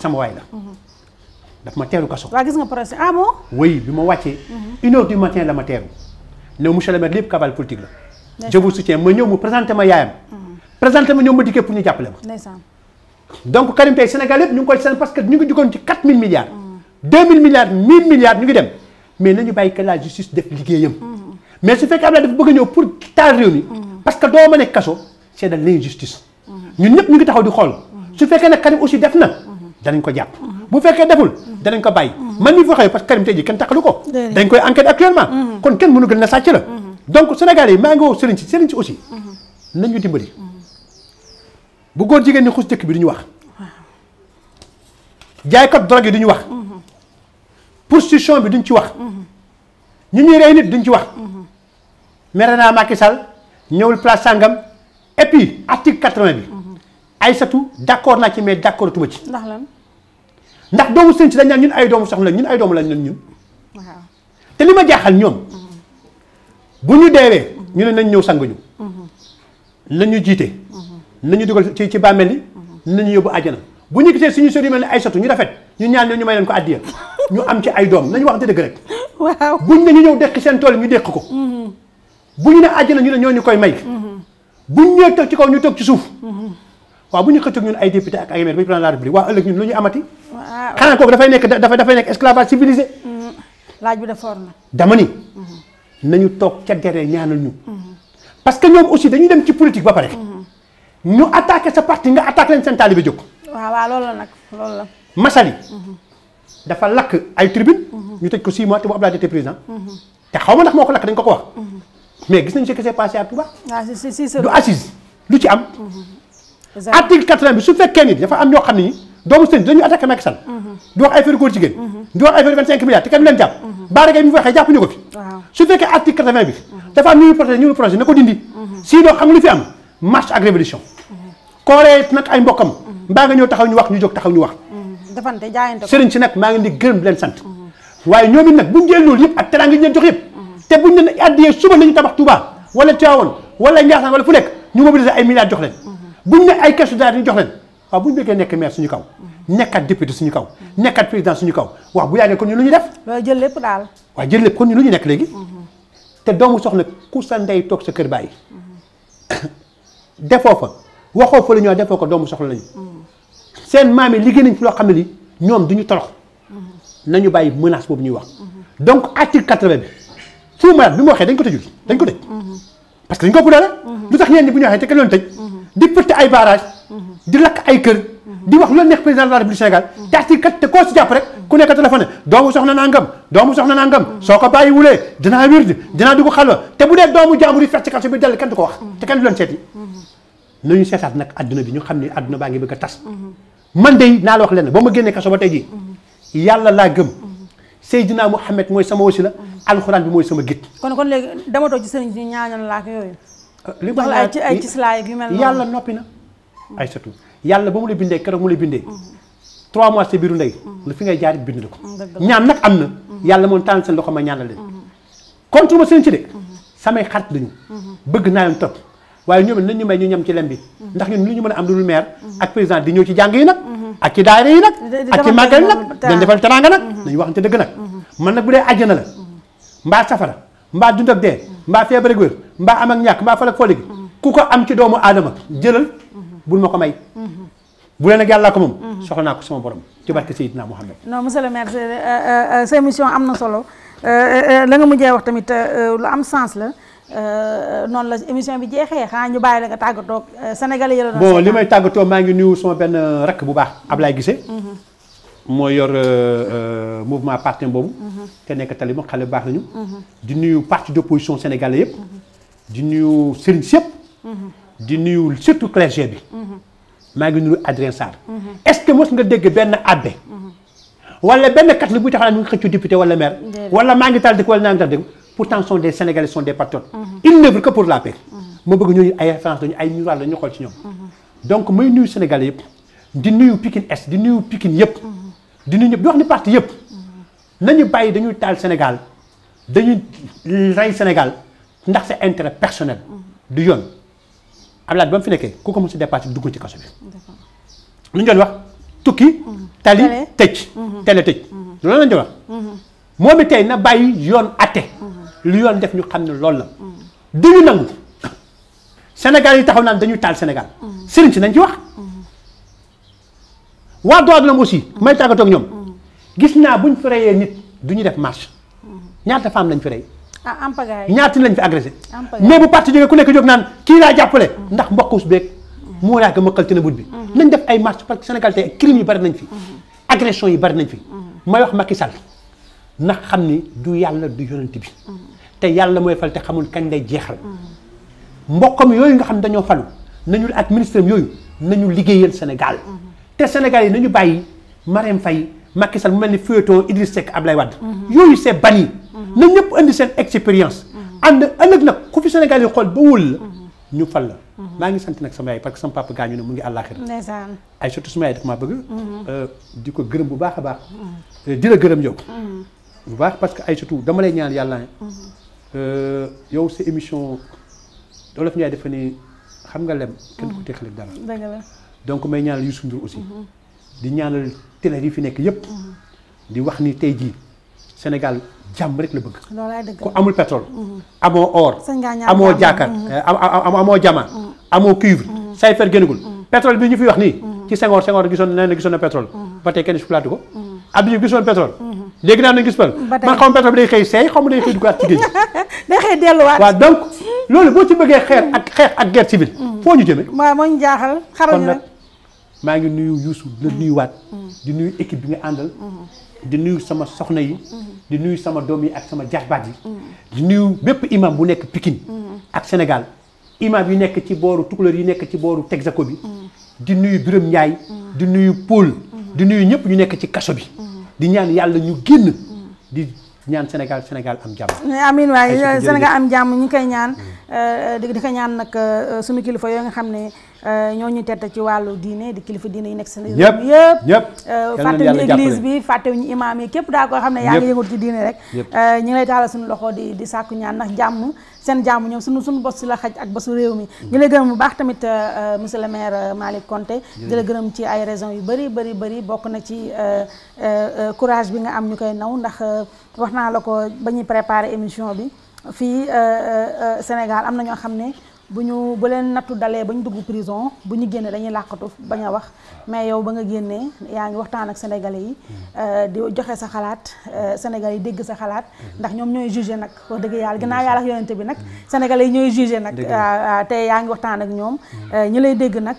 S2: sama waay la. daf ma teeru kaso. waaw gis nga procès ah bi ma wàccee. une du matin la ma teeru. ne monsieur le lépp cabale politique la. je vous ma ñëw mu présenté ma yaayam. Mm-hmm. présenté ma ñëw ma dikkee pour ñu jàppale ma. donc Karim tey Sénégal yëpp ñu ngi koy seen parce que ñu ngi jugoon ci 4000 milliards. 2000 mm. milliards milliards ñu ngi dem mais nañu bàyyi que justice def liggéeyam. Mm-hmm. mais su fekkee Abdoulaye dafa bëgg a ñëw pour taal réew mi. Mm-hmm. parce que doo danañ ko jàpp bu fekkee deful danañ ko bàyyi man mi waxee parce que Karim tey ji kenn taxalu ko dañ koy enquête actuellement mm-hmm. kon kenn mënu gën na sàcc la mm-hmm. donc Sénégalais yi maa ngi woo sëriñ sëriñ si aussi
S3: mm-hmm.
S2: nañ ñu dimbali bu góor jigéen ni xus dëkk bi du wax jaaykat drogue yi du ñu wax prostitution bi duñ ci wax ñu ñuy rey nit duñ ci wax mere naa Macky Sall ñëwul place sàngam et puis article 80 bi ay Aïssatou d'accord naa ci mais d'accord tuma ci ndax doomu sëriñ si dañ naan ñun ay doomu soxna ñun ay doomu lañ ñun ñun. te li ma jaaxal ñoom. bu ñu deewee ñu ne nañ ñëw sanguñu. Mhm. nañu jiite. Mhm. nañu dugal ci ci bàmmeel yi. Mhm. nañu yóbbu na bu ñu gisee su ñu yu mel ni ay soto ñu rafet ñu ñaan ñu may leen ko àddiya ñu am ci ay doom nañu wax dëgg rek. waaw buñ ne ñu ñëw deqi seen tool ñu deq ko. bu ñu ne àjjana ñu ne ñoo ñu koy may. buñ ñëw toog ci kaw ñu toog ci suuf. waaw bu ñu xëccoog ñun ay député ak ay maire ba président de la république waaw ëllëg ñun lu ñu amati. waaw xanaa kooku dafay nekk dafay dafay nekk esclavage mm.
S1: laaj bi de forme dama ni. Mm-hmm.
S2: nañu toog ca derrière ñaanal ñu. Mm-hmm. parce que ñoom aussi dañu dem ci politique ba pare. Mm-hmm. ñu attaqué sa parti nga attaqué leen seen taalibe jóg.
S1: waaw waaw loolu la nag
S2: loolu dafa lakk ay tribune. ñu tëj ko 6 mois te bu Abdoulaye était président. te xaw ma ndax moo ko lakk dañ ko ko wax. mais gis nañu ce qui s'est passé à Touba. waaw ah, si ci am. article 80 bi su fekkee ni dafa am ñoo xam ni doomu sëñ dañu attaqué Macky Sall mm-hmm. di wax ay affaire mm-hmm. te kenn leen jàpp mm-hmm. Bara Gaye fekkee article 80 bi
S1: ko
S2: fi am marche ak kooree nag ay mbokkam mbaa nga taxaw ñu wax ñu jóg taxaw ñu wax
S1: defante jaayante sëriñ
S2: si nag maa ngi di gërëm di leen sant waaye ñoom it nag buñ jël loolu yëpp ak teranga ñu leen jox yëpp te buñ leen addiyee suba nañu tabax Touba wala Tivaouane wala Ndiassane wala fu nekk ñu mobiliser ay milliards jox leen bu ñu ne ay keesu daal ñu jox leen waaw buñ bëggee nekk maire suñu kaw nekkat député suñu kaw nekkat président suñu kaw waaw bu yàggee ko ñu lu ñu def jël lépp daal waaw jël lépp kon ñu ñu nekk léegi mhm. te doomu soxna ku sa ndey toog sa kër bàyyi mhm. defoo fa waxoo fa la ñoo defoo ko doomu soxla lañu mhm. seen maam yi liggéey nañ fi loo xam ne li ñoom duñu torox nañu bàyyi menace boobu ñuy wax donc article 80 bi fu mu bi mu waxee dañ ko dañ ko tëj parce que dañ ko ëpp doole bu ñu di fëtt ay barrage di lakk ay kër di wax lu neex président de la république Sénégal taati kat te koo si jàpp rek ku nekk téléphoné doomu soxna nangam doomu soxna nangam soo ko bàyyi wulee dinaa wird dinaa dugg xal te bu dee doomu jàmbur yi fecc kaso bi dell kenn du ko te kenn du leen seeti nañu seetaat nag adduna bi ñu xam ne adduna baa ngi bëgg a tas man de naa la wax leen ba ma génnee kaso ba tey jii yàlla laa gëm Seydina Mouhamed mooy sama wasila alxuraan bi mooy sama git
S1: kon kon léegi dama toog ci sëriñ la
S2: li ma la ci ay cislaay yu mel yàlla noppi na ay satu yàlla ba mu la bindee keroog mu la bindee mm-hmm. trois mois sa biiru ndey mm-hmm. la fi ngay jaar bind mm-hmm. la ko ñaan nag am na yàlla moom tànn seen loxo ma ñaanal leen kontu ma seen ci de samay xarit lañu bëgg naa leen topp waaye ñoom nañ ñu may ñu ñam ci lem bi ndax ñun lu ñu mën a am lu dul maire ak président di ñëw ci jàng yi nag ak ci daayira yi nag ak ci màggal yi nag man nag bu dee àjjana la mbaa safara mbaa dund ak dee mbaa feebar ak wér mbaa am ak ñàkk mbaa fal ak foole gi ku ko am ci doomu aadama jëlal bul ma ko may bu leen ak yàlla ko moom soxla naa ko sama borom ci barke Seydina Mouhamed
S1: non monsieur le maire euh, euh, euh, sa émission am na solo la nga mujjee wax tamit lu am sens la noonu la émission bi jeexee xanaa ñu bàyyi la nga tàggatoo Sénégalais yi la bon li may
S2: tàggatoo maa ngi nuyu sama benn rakk bu baax Ablaye Guissé mm-hmm. moo yor euh, euh, mouvement parti boobu. te nekk tali ma xale bu baax nañu. di nuyu parti d' opposition sénégalais yëpp. di nuyu sëriñ si di nuyu surtout clergé bi. maa ngi nuyu Adrien Sarr. est ce que mos nga dégg benn abbé. wala benn catholique bu taxaw naa ñu ngi xëccu député wala maire. wala maa ngi taal dëkk wala naa ngi taal dëkk pourtant sont des bëgg ñooñu ay référence dañu ay miroir la ñu xool ci ñoom. donc may nuyu sénégalais yëpp. di nuyu Pikine Est di nuyu Pikine yëpp. di ñu ñëpp di wax ni parti yëpp nañu bàyyi dañuy taal Sénégal dañuy rey Sénégal ndax c'est intérêt personnel du yoon Abdoulaye ba mu fi nekkee ku ko mos a dépassé dugg ci kaso bi lu ñu doon wax tukki mhm. tali tëj télé tëj mhm. mhm. loolu lañu doon wax moom it tey na bàyyi yoon atte lu yoon def ñu xam ne loolu la duñu nangu Sénégal yi taxaw naan dañuy taal Sénégal sëriñ si nañ ci wax waa droit de l'homme aussi may tàggatoo ak ñoom gis naa bu ñu fi reyee nit du ñu def marche ñaata femme lañ fi rey.
S1: ah ampagaay ñaata
S2: lañ fi agressé. mais bu parti jógee ku nekk jóg naan kii laa jàppale. ndax mbokkus beeg moo yaakaar mëkkal tënabut bi. nañ def ay marche parce que Sénégal tey crime yi bari nañ fi. agression yi bari nañ fi. may wax Macky Sall ndax xam ni du yàlla du yonent bi. te yàlla mooy fal te xamul kañ lay jeexal. mbokkam yooyu nga xam dañoo falu nañu ak ministre yooyu nañu liggéeyal Sénégal. te Sénégal yi nañu bàyyi Marème fay Macky Sall mu mel ni Feuilleton Idriss Seck Ablaye Wade. Mhm. yooyu c'est banni. Mhm. na ñëpp indi seen expérience. Mhm. ànd ëllëg nag ku fi Sénégal yi xool ba wóol la. ñu fal la. maa ngi sant nag sama yaay parce que sama papa gaañu ne mu ngi àllaaxira. ndeysaan ay surtout ma yaay daf maa bëgg. Euh, di ko gërëm bu baax a baax. Euh, di la gërëm yow. bu baax parce que ay surtout dama lay ñaan yàlla euh, yow sa émission Wolof Njaay dafa ni xam nga le donc may ñaanal Youssou Ndour aussi. di ñaanal télé yi fi nekk yépp di wax ni tey jii Sénégal jàmm rek la bëgg.
S1: loolaay dëgg ku amul
S2: pétrole. amoo or. amoo jaakaar mm-hmm. eh, amoo jama. Mm-hmm. amoo cuivre. Mm-hmm. say fer génnagul. pétrole bi ñu fi wax nii. ci Senghor Senghor gisoon na gisoon na pétrole. ba tey kenn exploité ko. Abdou Diouf gisoon pétrole. léegi naa ne gis pétrole. ba tey man xaw ma pétrole bi day xëy seey xaw ma day xëy duggaat ci day xëy delluwaat waaw donc. loolu boo ci bëggee xeer ak xeex ak guerre civile. foo ñu jëmee. waaw moo ñu jaaxal maa ngi nuyu Youssou la nuyuwaat. Mm-hmm. di nuyu équipe bi nga àndal. Mm-hmm. di nuyu sama soxna yi. Mm-hmm. di nuyu sama doom yi ak sama jarbaat yi. di nuyu bépp imam bu nekk Pikine. ak Sénégal imam yi nekk ci booru Tukulóor yi nekk ci booru Texaco bi. di nuyu Birame Ndiaye. di nuyu Paul. di nuyu ñëpp ñu nekk ci kaso bi. di ñaan yàlla ñu génn. di ñaan Sénégal Sénégal am jàmm. amiin waaye euh, Sénégal am
S1: jàmm ñu koy ñaan. Euh, euh, di ko ñaan nag sunu kilifa yooyu nga xam ne. Euh, ñoo ñu tedd ci wàllu diine di kilifa diine yi nekk seen yëpp
S2: yëpp euh, fàttewuñu église bi
S1: fàttewuñu imaam yi képp daa koo xam ne yaa ngi yëngut ci diine rek euh, ñu ngi lay taalal suñu loxo di di sàkku ñaan ndax jàmm seen jàmm ñoom suñu suñ bos si la xaj ak bosu réew mi ñu lay gërëm bu baax tamit monsieur le maire Malick Konté di la gërëm ci ay raisons yu bëri bëri bëri bokk na ci courage bi nga am ñu koy naw ndax wax naa la ko ba ñuy préparer émission bi fii Sénégal am na ñoo xam ne bu ñu bu leen nattu dalee ba ñu dugg prison bu ñu génnee dañuy làqatu bañ a wax mais yow ba nga génnee yaa ngi waxtaan ak sénégalais yi euh, di joxe sa xalaat euh, sénégalais yi dégg sa xalaat ndax ñoom ñooy jugé nag wax dëgg yàlla ginnaaw yàlla ak bi nag sénégalais yi ñooy jugé nag euh, te yaa ngi waxtaan ak ñoom mm. ñi lay dégg nag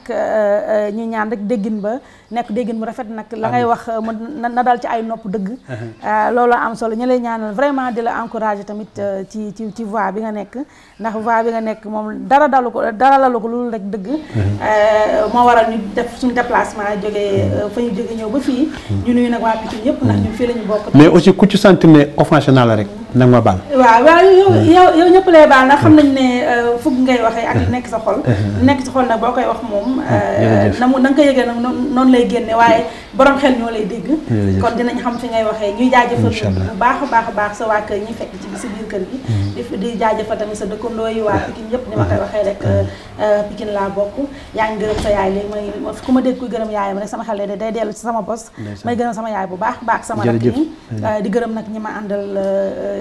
S1: ñu ñaan rek déggin ba nekk déggin mu rafet nag la ngay wax mu na dal ci ay nopp dëgg uh-huh. euh, loolu am solo ñu lay ñaanal vraiment di la encourager tamit euh, ci ci ci voie bi nga nekk ndax voie bi nga nekk moom dara dalu ko dara lalu ko loolu rek dëgg uh-huh. euh, moo waral ñu def suñu déplacement jóge uh-huh. fa ñu jóge ñëw ba fii ñu nuyu nag waa Pikine ñëpp ndax ñu fii la ñu bokk mais aussi
S2: ku ci sentir ne offensé naa la rek nag ma baal.
S1: waaw waaw yow hmm. yow yow ñëpp lay baal nag xam hmm. nañ ne euh, fukk ngay waxee ak hmm. nekk sa xol. nekk sa xol nag boo koy wax moom.
S2: Euh,
S1: na mu na nga ko yëgee nag noonu lay génne waaye borom xel ñoo lay dégg. kon dinañ xam fi waxee ñuy jaajëfal. bu baax a baax a baax sa waa kër ñi fekk ci si biir kër gi. di jaajëfal tamit sa dëkkandoo yi waa Pikine yëpp ni ma rek euh, laa bokk. yaa ngi gërëm sa yaay ku ma dégg kuy gërëm yaayam rek sama xel lay day dellu ci sama bos. may a sama yaay bu baax baax sama rakk yi di gërëm nag ñi ma àndal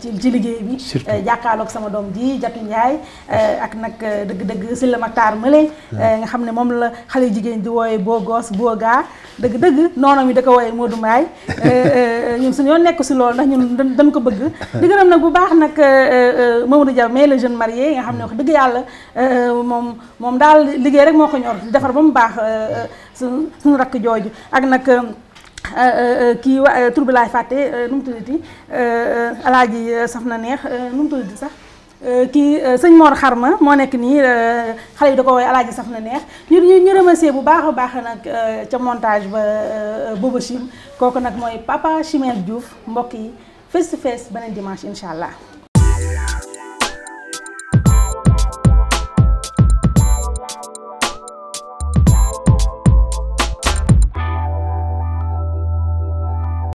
S1: ci ci liggéey bi. surtout euh, jàkkaarloog sama doom ji Jatu Ndiaye. Euh, ak nag euh, dëgg-dëgg si la ma Matar Mële. Hmm. nga xam ne moom la xale jigéen ji wooyee boo goos boo gaa dëgg-dëgg noonam yi da ko wooyee Modou Mbaye ñun suñ yoon nekk si lool ndax ñun dañ ko bëgg. di gërëm nag bu baax nag Mamadou Dia mais le jeune marié nga xam ne wax dëgg yàlla moom moom daal liggéey rek moo ko ñor defar ba mu baax suñu suñu rakk jooju ak nag. Euh, euh, euh, kii wa tur bi laay fàtte nu mu tuddati alaaji saf na neex nu mu sax kii sëñ Mor Xarma moo nekk nii xale yi da ko woy alaaji saf na neex ñu ñu remercier bu baax a baax nag ca montage ba Bobo Chim kooku nag mooy papa Chimel Diouf mbokk yi face to face beneen dimanche incha allah.